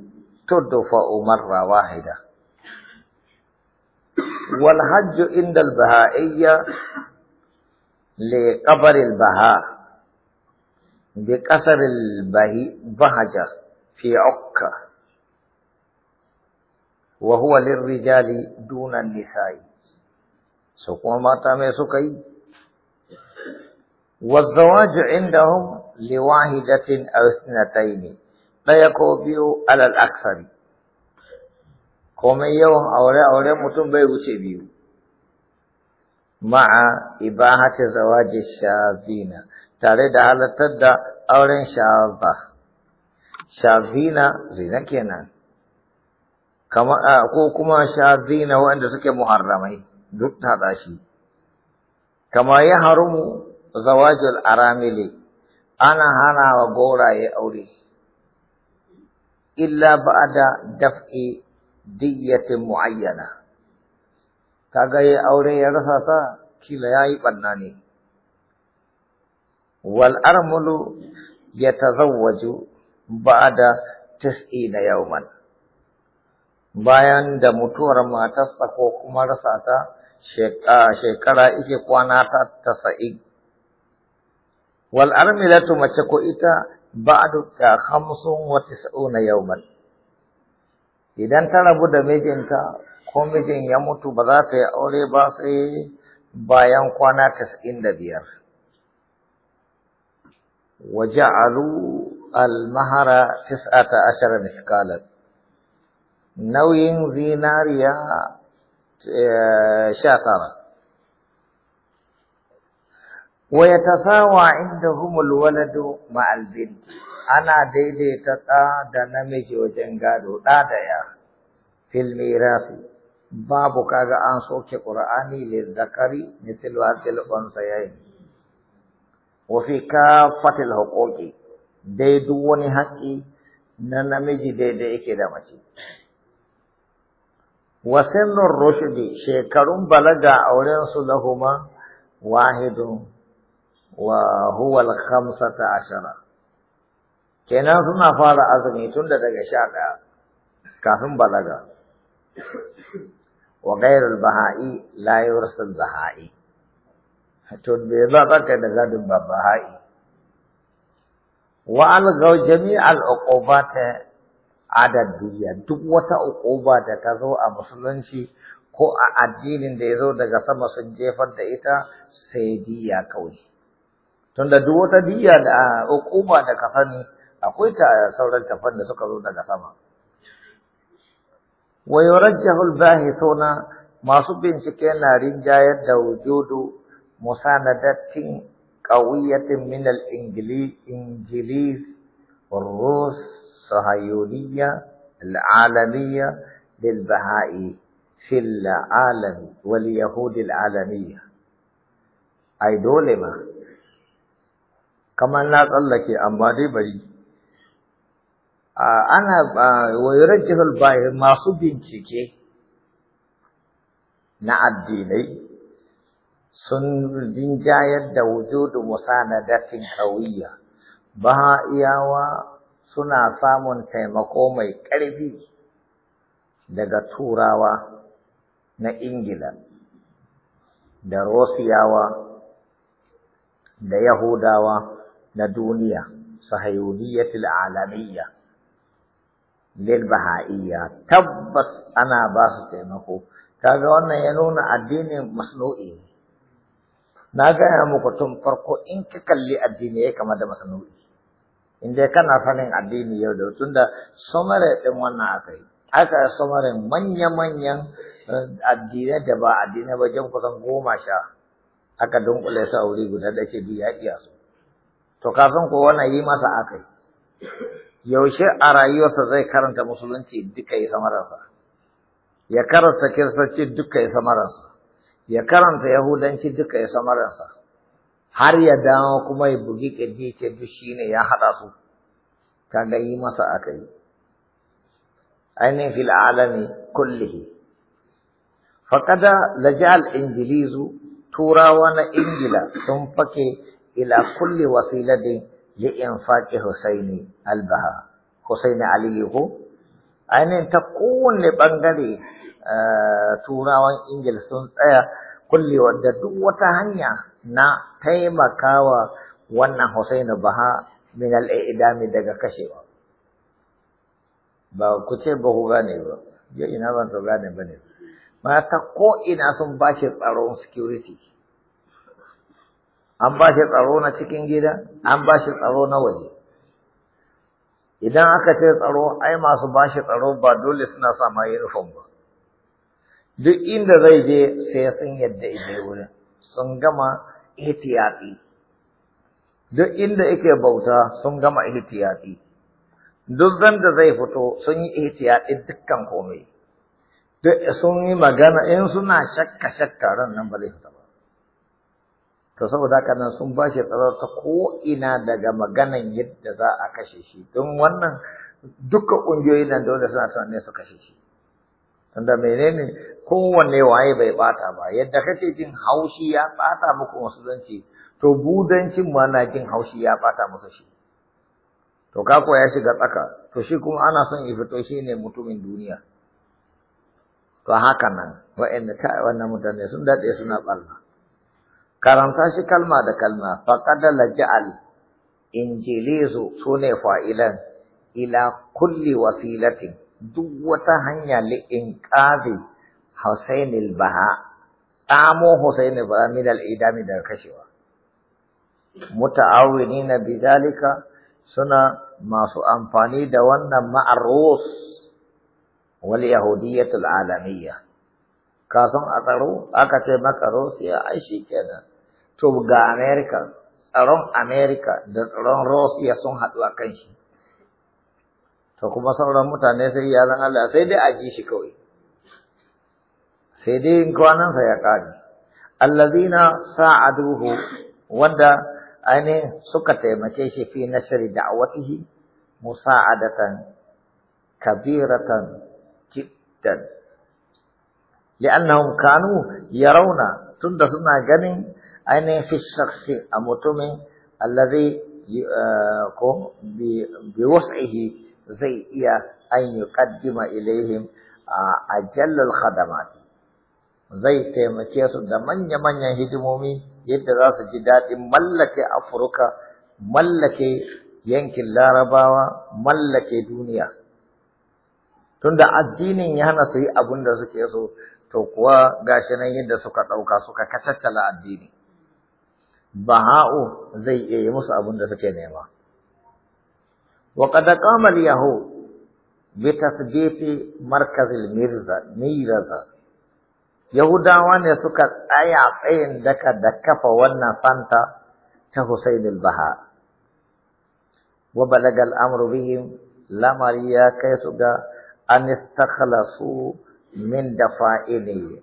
تدفع مرة واحدة والحج عند البهائية لقبر البهاء بقصر البهجة في عكه wa huwa lirrijali dunan nisa'i so kuma mata mai suka yi والزواج عندهم لواحدة أو اثنتين لا يكون على aksari komai yawan aure aure mutum bai wuce biyu ma'a ibahati zawaji shazina tare da halartar da auren shaza shazina zina kenan kama ah, ko kuma shazina wanda suke muharramai duk ta Kamar kama ya harumu zawajul aramili ana hana wa goraye aure illa ba'da daf'i diyyati muayyana kaga ya aure ya rasa ta kila yayi banna ne wal armulu yatazawwaju ba'da tis'ina yawman bayan da mutuwar matarsa ko kuma rasa ta shekara ike kwana ta tasa'in. Wal armilatu mace ko ita ba'du duka hamsin wa tis'una yawman. Idan ta rabu da mijinta ko mijin ya mutu ba za ta yi aure ba sai bayan kwana tasa'in da biyar. Waje alu al tis'ata ashara miskalat. nauyin zinariya eh, sha tara inda inda الولد ma البنت ana daidaita ɗa da namiji wajen gado ɗa da ya filmi rafi, babu kaga an soke qur'ani lil zakari misal wasil unsayayn wa fi kafatil huquqi dai duk wani haƙƙi na namiji daidai yake da mace wasannin rushidi shekarun balaga aurensu na huma wahidu wa huwal khamsata ashara kenan suna fara azumi tun da daga sha ɗaya kafin balaga wa gairar baha'i layuwar sun zaha'i to me za ta kai da zadin ba baha'i wa al-gaujami al-uqubata adadiyya duk wata uquba da ta zo a musulunci ko a addinin da ya zo daga sama sun jefar da ita sai diya kawai tunda duk wata diya da uquba da ka sani akwai ta sauran kafan da suka zo daga sama wa yurajjahu al-bahithuna masu bincike na rinjayar da wujudu musanadatin qawiyatin min al-injili Rus', الصهيونية العالمية للبهاء في العالم واليهود العالمية أي دول ما كما لا تقلك أمبادي بري آه، أنا آه، ويرجح الباهر ما خبين كيكي نعديني sun rinjayar da wujudu musanadatin rawiya ba iyawa suna samun taimako mai ƙarfi daga turawa na ingila da rosiyawa da yahudawa na duniya sahayuniyatul alamiyya lil baha'iyya tabbas ana ba su taimako kaga wannan ya nuna addinin masnu'i na gaya muku tun farko in ka kalli addini ya kama da masnu'i in dai na sanin addini yau da tunda somare din wannan aka yi aka somare manya-manyan eh, addinai da ba addinai ba jan kusan goma sha aka dunkule su a wuri guda da ke biya iya su to kafin ko wannan yi masa aka yi yaushe a rayuwarsa zai karanta musulunci duka ya samararsa ya karanta kiristanci duka ya samararsa ya karanta yahudanci duka yi samararsa har ya dawo kuma ya bugi kirji ce duk shine ya haɗa su kaga yi masa aka yi ainihin fil alami kullihi faƙada lajal injilizu turawa na ingila sun fake ila kulli wasilatin li infaqi husaini albaha husaini aliyu ko ainihin ta kowane ɓangare eh, turawan ingila sun tsaya kullewa da duk wata hanya na taimakawa wannan Husainu Baha min al-idami daga kashewa. Ba ku ce ba ku gane ba, ya ina ban to gane ba ne. Mata ko ina sun ba shi tsaron security. An ba shi tsaro na cikin gida, an ba shi tsaro na waje. Idan aka ce tsaro, ai masu ba shi tsaro ba dole suna sa ma uniform ba. duk inda zai je sai sun yadda ije wurin sun gama ihtiyati duk inda yake bauta sun gama ihtiyati duk zanda zai fito sun yi ihtiyati dukkan komai duk sun yi magana in suna shakka shakka ran nan ba zai fita ba to saboda haka nan sun bashi shi tsaro ta ko ina daga maganan yadda za a kashe shi don wannan duka ƙungiyoyin nan dole suna son su kashe shi Tunda menene kowanne waye bai bata ba, yadda kake jin haushi ya bata muku musulunci, to budancin ma na jin haushi ya bata musu shi. To kako ya shiga tsaka, to shi kuma ana son ya fito shi ne mutumin duniya. To haka nan, wa'inda wannan mutane sun daɗe suna balla Karanta shi kalma da kalma, faƙada laja'al, injilizu su ne fa'ilan, ila kulli wasilatin, duk wata hanya li'in ƙazi Hussainil Baha, tsamo Hussainil Baha midal idami daga kashewa. Muta'awini na bizalika suna masu amfani da wannan ma'arus wal yahudiyatul alamiyya. Kasan a tsaro aka ce maka ya ai shi kenan. To ga Amerika, tsaron Amerika da tsaron Rusiya sun haɗu a kan shi. to kuma sauran mutane sai yaran Allah sai dai a ji shi kawai sai dai kwanansa ya ƙare allazina sa'aduhu wanda ainihin suka taimake shi fi nashri da'watihi musa'adatan kabiratan jiddan li'annahum kanu yarawna tunda suna ganin ainihin fi shaksi a mutumin allazi eh, ko bi zai iya an yuqaddima ilaihim ajallar khadamati zai taimake su da manya-manyan hidimomi yadda za su ji daɗin mallake Afirka, mallake yankin Larabawa, mallake duniya. Tunda addinin ya hana su yi abin da suke so, to kuwa gashi nan yadda suka ɗauka suka kacattala addini. Baha'u zai iya yi musu abin da suke nema. وقد قام اليهود بتثبيت مركز الميرزا ميرزا يهودا وان يسوك اي عطين دكا دكا فوانا فانتا تهسين البهاء وبلغ الامر بهم لا ماريا كيسوك ان استخلصوا من دفائن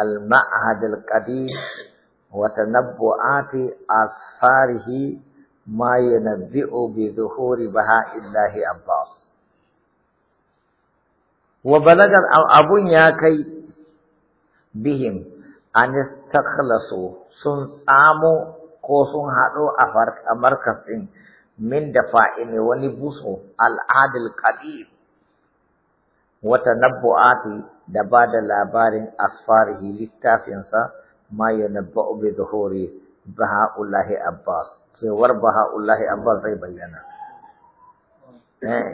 المعهد القديم وتنبؤات اسفاره ما ينبئ بظهور بهاء الله عباس وبلغ ya ياكي بهم أن استخلصوا سنسامو ko sun haɗo a markas ɗin min da fa'ini wani buso al'adar ƙadim wata nabbu'ati da ba da labarin asfarihi littafinsa ma ya Baha'ullahi Abbas, cewar Baha'ullahi Abbas zai bayyana. Eh,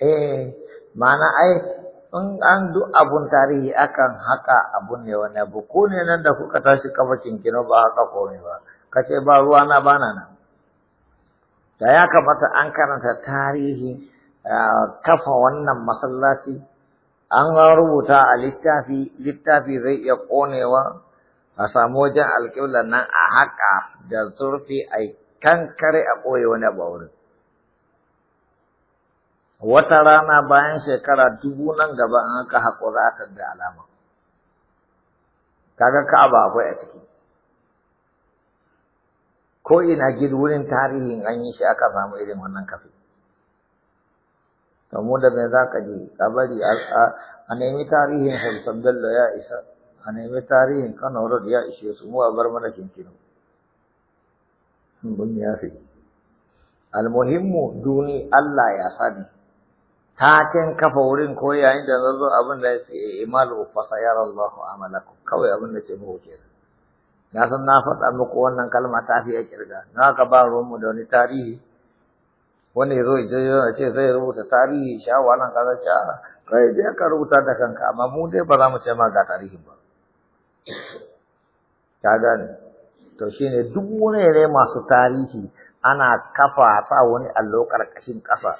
eh mana ai, in an duk abun tarihi akan haka abun ne wani abu, ko ne nan da kuka tashi kafa kinkino ba haka komai ba, kace ba ruwa na bana nan. Da ya kamata an karanta tarihi ah, kafa wannan masallaci an rubuta a littafi littafi zai iya ƙonewa a samu wajen alƙibla nan a haƙa da zurfi a kankare a ɓoye wani abu wata rana bayan shekara dubu nan gaba an haka haƙo za ka ga alama kaga ka'aba akwai a ciki ko ina gid wurin tarihin an yi shi aka samu irin wannan kafi to mu da me za ka ji a nemi tarihin hulsan bello ya isa a nemi tarihin kano road ya ishe su mu a bar mana kinkino mun ya fi almuhimmu duni Allah ya sani taken kafa wurin ko yayin da zan zo abin da yake eh, imalu fa sayara Allahu amalaku kawai abin da ke muku ke na san na faɗa muku wannan kalma ta fiye kirga na ka ba ruwanmu da wani tarihi wani ya zo ya ce zai rubuta tarihi sha wannan kaza sha, kai dai ka rubuta da kanka amma mu dai ba za mu ce ma ga tarihi ba ka gane to shine duk wani yare masu tarihi ana kafa sa wani allo karkashin kasa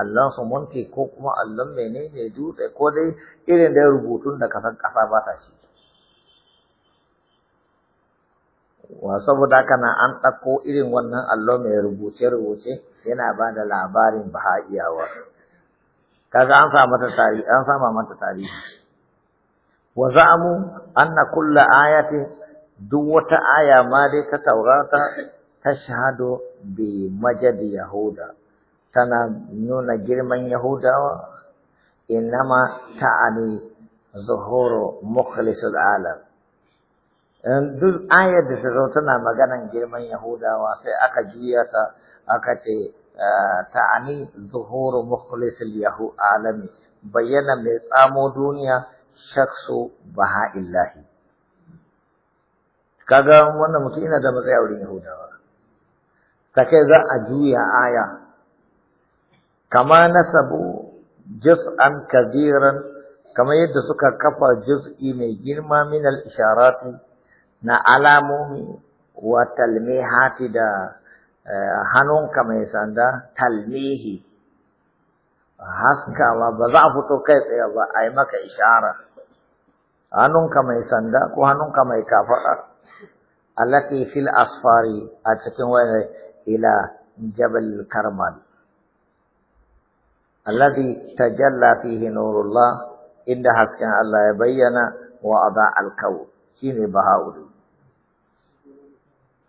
allon su monte ko kuma allon menene dutse ko dai irin da rubutun da kasan kasa ba ta shi wa saboda haka an ɗauko irin wannan allo mai rubuce-rubuce yana ba da labarin baha'iyawa kaga an sa mata tarihi an sama mata tarihi wa za'amu anna kulla ayati duk wata aya ma dai ta taurata shahado bi majadi yahuda tana nuna girman yahudawa inama ta'ani zuhuru mukhlisul alam duk ayar da ta zo tana maganan girman Yahudawa sai aka juya ta aka ce ah, ta'ani zuhuru mukhlisil yahu alami bayyana mai tsamo duniya shaksu baha'illahi kaga wannan mutum ina da matsayi wurin Yahudawa ta kai za a juya aya kama nasabu juz'an kabiran kama yadda suka kafa juz'i mai girma min isharati na alamomi wa talmihati da eh, hannunka mai sanda talmihi haska ba za a fito kai tsaye ba a yi maka ishara hannunka mai sanda ko hannunka mai kafaɗa allati fil asfari a cikin wani ila jabal karmal inda hasken allah ya bayyana إن حسكن الله يبين shi ne شيني بهاولي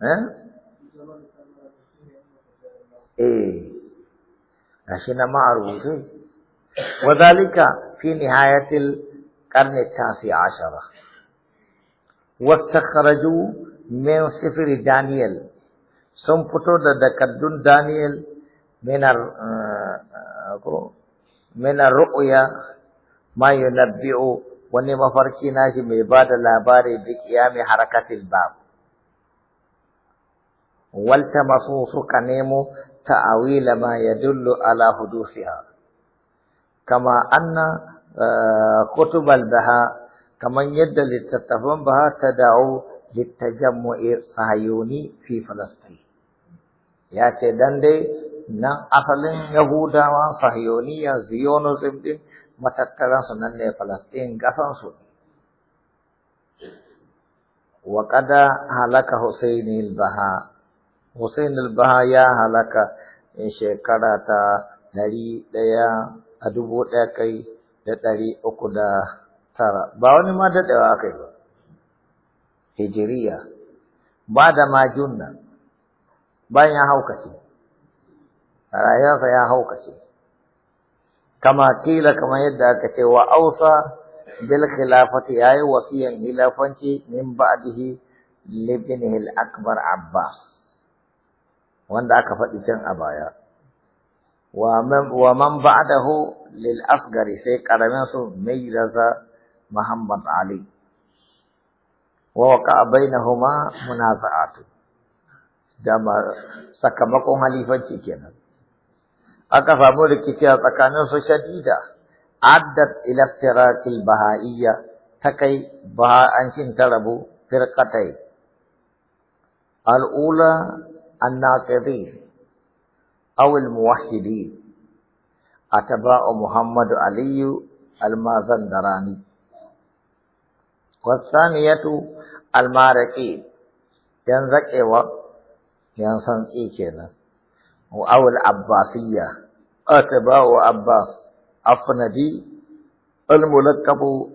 ايه ما عروضه وذلك في نهاية القرن التاسع عشر واستخرجوا من سفر دانيال سمبتو دا آه، من الرؤيا ما ينبئ ونما فرقي ناجي مي بعد لا باري بقيام حركة الباب waltamasu suka nemo ta'awila ma yadullu ala hudusiha kama anna kutubal baha kaman yadda littattafan baha ta dawo littajammu'i sayuni fi falastin ya ce dan dai nan asalin yahudawa sahiyoniya zionism din matattaransu nan ne falastin su ne وقد هلك Hussaini Baha. Hussein al-Baha ya halaka shekara ta ɗari ɗaya a dubu ɗaya kai da ɗari uku da tara ba wani ma daɗewa aka yi ba hijiriya ba da majun nan ba ya haukace rayuwarsa ya haukace kama kila kamar yadda aka ce wa ausa bil khilafati yayi wasiyan hilafanci min ba'dihi libnihi al-akbar abbas wanda aka faɗi can a baya wa man ba'dahu lil asgari sai karamin su mayraza muhammad ali wa waqa bainahuma munaza'atu dama sakamakon halifanci kenan aka samu rikici a tsakanin su shadida addat ila firaqil bahaiyya ta kai ba an shin ta rabu firqatai al'ula الناقضين أو الموحدين أتباع محمد علي المازندراني والثانية المارقين ينزك إيوه ينصن إيكينا أو العباسية أتباع عباس أفندي الملقب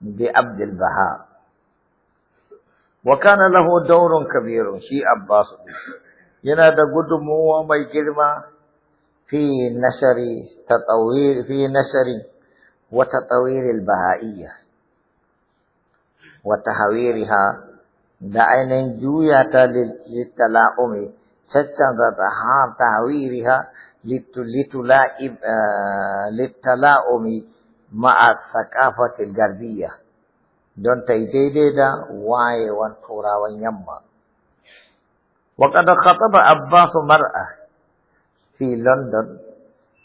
بعبد البهاء وكان له دور كبير في عباس ينادى قدمه وما يكلم في نشر تطوير في نشر وتطوير البهائية وتحويرها دعين جوية للتلاؤم ستشان تتحار تحويرها للتلاؤم آه، مع الثقافة الغربية don ta yi daidai da wayewan turawan yamma. Waƙadar ba Abbasu mar'a fi London,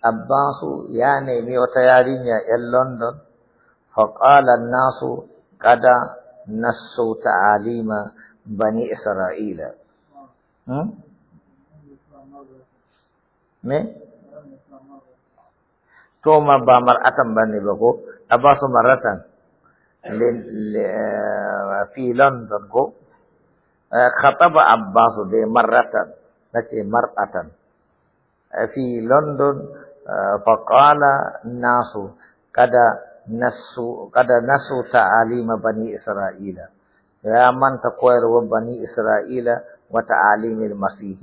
Abbasu ya nemi wata yarinya ‘yan London, faƙalar nasu ƙada nasu ta’alima bani Isra’ila. Hmm? Me? ma ba mar'atan ba ne ba ko, Abbasu mar'atan. في لندن ko آه، خطب عباس دي مرة نتي مرأة في لندن آه، فقال الناس قد نسوا قد نسوا تعاليم بني إسرائيل يا من تقوير بني إسرائيل وتعاليم المسيح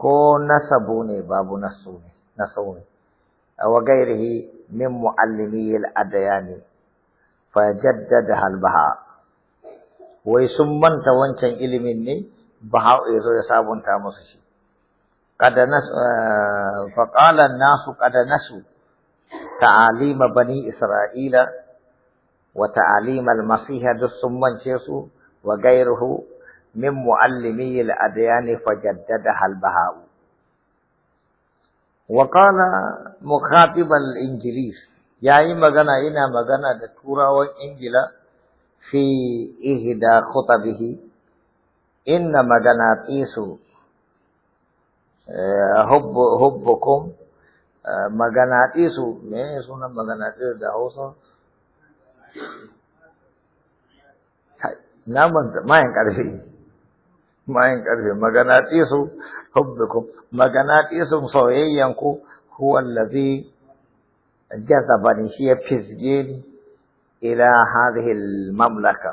كو نسبوني بابو نسوني نسوني وغيره من معلمي الأديان فجددها البهاء ويسمن توانشن إلميني بهاو إيزو يسابون تاموسشي قد نسو آه، فقال الناس قد نسوا تعاليم بني إسرائيل وتعاليم المسيح ذو السمن شيسو وغيره من معلمي الأديان فجددها البهاء وقال مخاطب الإنجليز ya yi magana yana magana da turawan ingila fi ihda khutabihi inna magana tisu eh, hubbukum eh, magana tisu me sunan magana tisu da hausa manta mayan karfi mayan karfi magana tisu hubbukum magana tisu soyayyanku huwa allazi جذبني شيء فزجين إلى هذه المملكة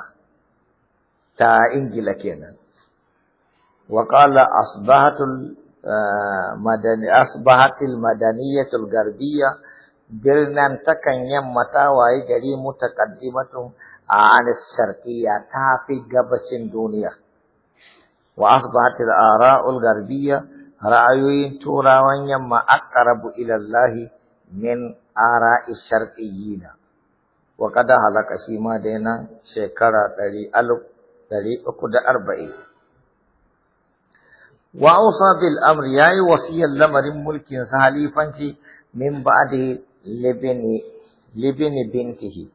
تا إنجيلا كينا وقال أصبحت المدني آه، أصبحت المدنية الغربية بلنا تكن يمتا واي جري متقدمة عن الشرقية تافي قبس دونية وأصبحت الآراء الغربية رأيين تورا ونيما أقرب إلى الله min ara shar'iyina wa kada halaka shi ma daina shekara 340 wa Wa'u bil amri yayi wasiyar lamarin mulkin sa halifanci min ba'di da libini bintihi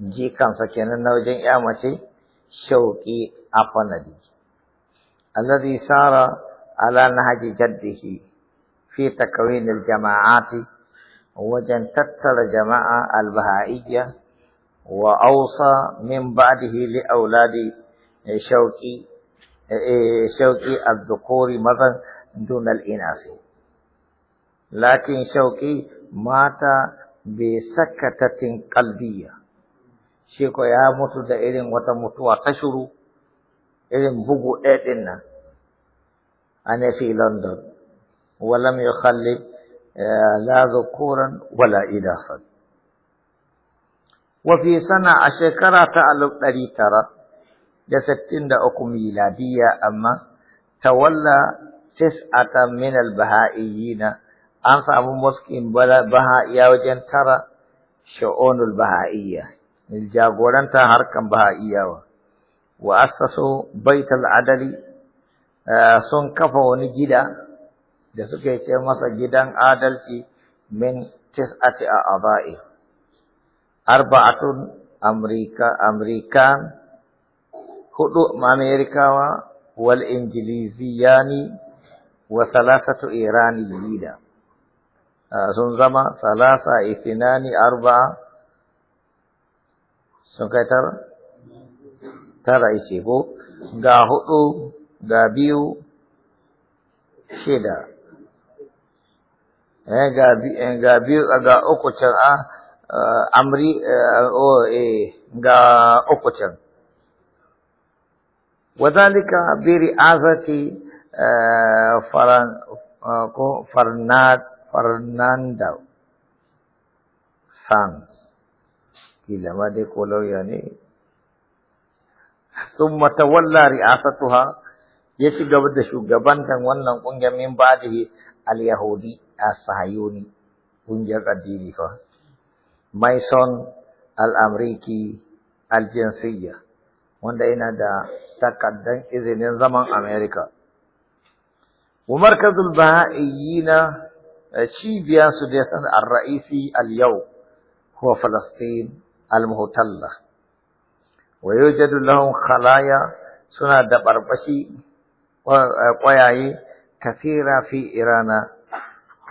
jikansa kenan na wajen ya mace shauki afanadi alladhi sara ala nahji jaddihi fi takwin jama'ati وجن تتر جماعة البهائية وأوصى من بعده لأولاد شوكي إيه، شوكي الذكور مثلا دون الإناث لكن شوكي مات بسكتة قلبية شيكو يا موتو دا إلين وتموتو وتشرو إلين بوغو إيدنا أنا في لندن ولم يخلف آه، لا ذكورا ولا إناثا وفي سنة أشكرا تعلق لدي ترى لستين دعوكم ميلادية أما تولى تسعة من البهائيين أنصى أبو مسكين بلا بهائية وجن ترى شؤون البهائية الجاغوران تهر كم بهائية وأسسوا بيت العدل آه سنكفوا نجدا da suke ce masa gidan adalci min tis'ati a aba'i arba'atun amrika amrikan hudu amerikawa wal injiliziyani wa salasatu iraniyina ah, sun zama salasa itinani arba'a sun kai tara tara ko ga hudu ga biyu shida Eh, ga biyu eh, ga uku can a ah, eh, amri o oh, ga uku can wadalika bi ri'azati faran ko fernando san kila ma dai ko lauya ne mata walla رئاستها ya ci gaba da shugabantan wannan kungiyar min badihi al-yahudi الصهيوني ƙungiyar addini fa Maison al-Amriki al-Jinsiyya wanda yana da takaddan izinin zaman Amerika wa markazul baha'iyina cibiyar su da san ar-ra'isi al-yau huwa Falastin al-muhtalla wa yujadu lahum khalaya suna da barbashi ƙwayaye kafira fi Irana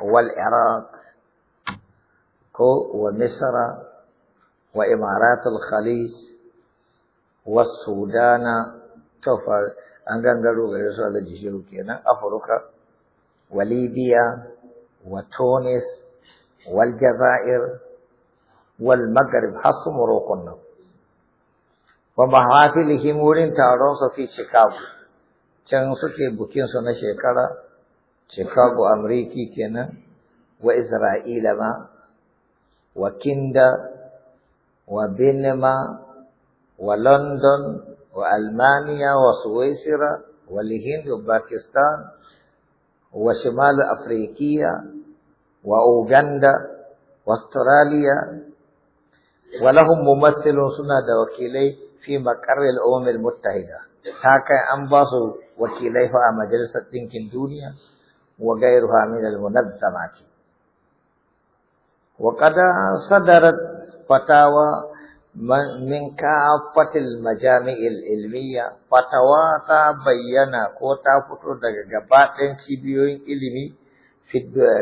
والعراق ومصر وإمارات الخليج والسودان توفى أنغان قالوا غير سؤال الجيشيرو كينا أفريقيا وليبيا وتونس والجزائر والمغرب حص مروق النوم ومحافلهم ورين تاروس في شيكاغو can suke bukinsu na shekara شيكاغو أمريكي كنا وإسرائيل ما وكندا وبنما ولندن وألمانيا وسويسرا والهند وباكستان وشمال أفريقيا وأوغندا واستراليا ولهم ممثل سنة وكيلي في مقر الأمم المتحدة هكا أنباصوا وكيليها مجلس الدين الدنيا وغيرها من المنظمات وقد صدرت فتاوى من كافة المجامع العلمية فتاوى تبين كوتا فتو دغبات سيبيوين علمي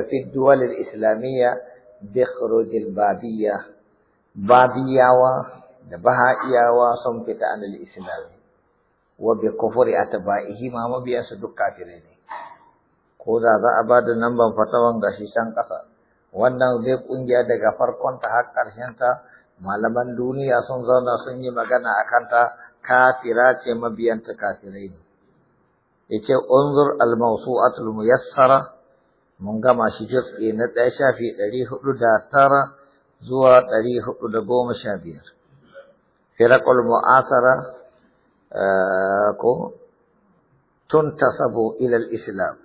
في الدول الإسلامية بخروج البابية بابية وبهائية وصنفت عن الإسلام وبكفر أتباعه ما مبيا صدق ko da za a bada namban fatawan gashi can ƙasa wannan zai kungiya daga farkon ta har ƙarshen ta malaman duniya sun zauna sun yi magana a kanta kafira ce mabiyanta kafirai ne yace unzur al-mawsu'atul muyassara mun gama shi juz'i na ɗaya shafi ɗari huɗu da tara zuwa ɗari huɗu da goma sha biyar firaqul mu'asara eh, ko tuntasabu ila al-islam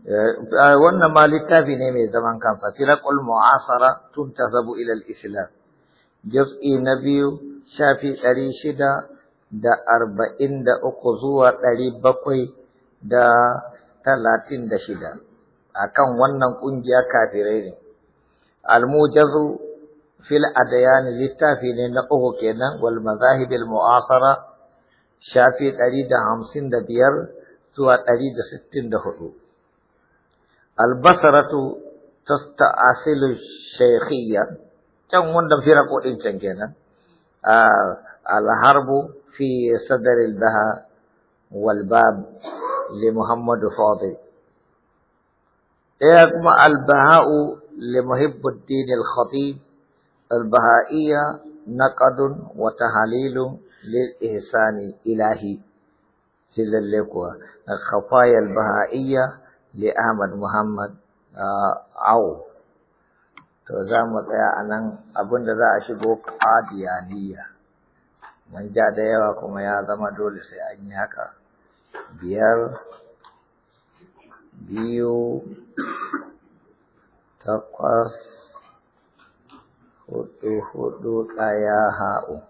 Eh, ah, wannan ma littafi ne mai zaman kansa firaqul mu'asara tuntazabu ila al-islam juz'i na biyu shafi ɗari shida da arba'in da uku zuwa ɗari bakwai da talatin da shida akan wannan ƙungiya kafirai ne al-mujazu fil adyan littafi ne na uku kenan wal mazahib muasara shafi ɗari da hamsin da biyar zuwa ɗari da sittin da hudu البصرة تستأصل الشيخية كم وندم في رقو إن كان آه الحرب في صدر البهاء والباب لمحمد فاضل يقوم البهاء لمحب الدين الخطيب البهائية نقد وتحليل للإحسان الإلهي إلهي سلل الخفايا البهائية li Ahmad Muhammad uh, Au. To za mu tsaya a nan abinda za a shigo Qadiyaniya. Mun ja da yawa kuma ya zama dole sai an yi haka. Biyar, biyu, takwas, hudu, hudu, ɗaya, ha'u.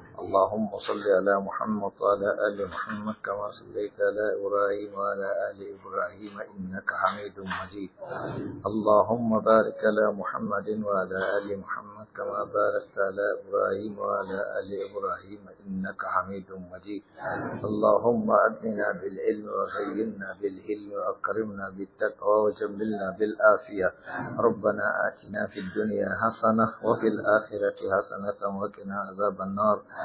اللهم صل على محمد وعلى آل محمد كما صليت على إبراهيم وعلى آل إبراهيم إنك حميد مجيد اللهم بارك على محمد وعلى آل محمد كما باركت على إبراهيم وعلى آل إبراهيم إنك حميد مجيد اللهم أدنا بالعلم وزينا بالعلم وأكرمنا بالتقوى وجملنا بالعافية ربنا آتنا في الدنيا حسنة وفي الآخرة حسنة وقنا عذاب النار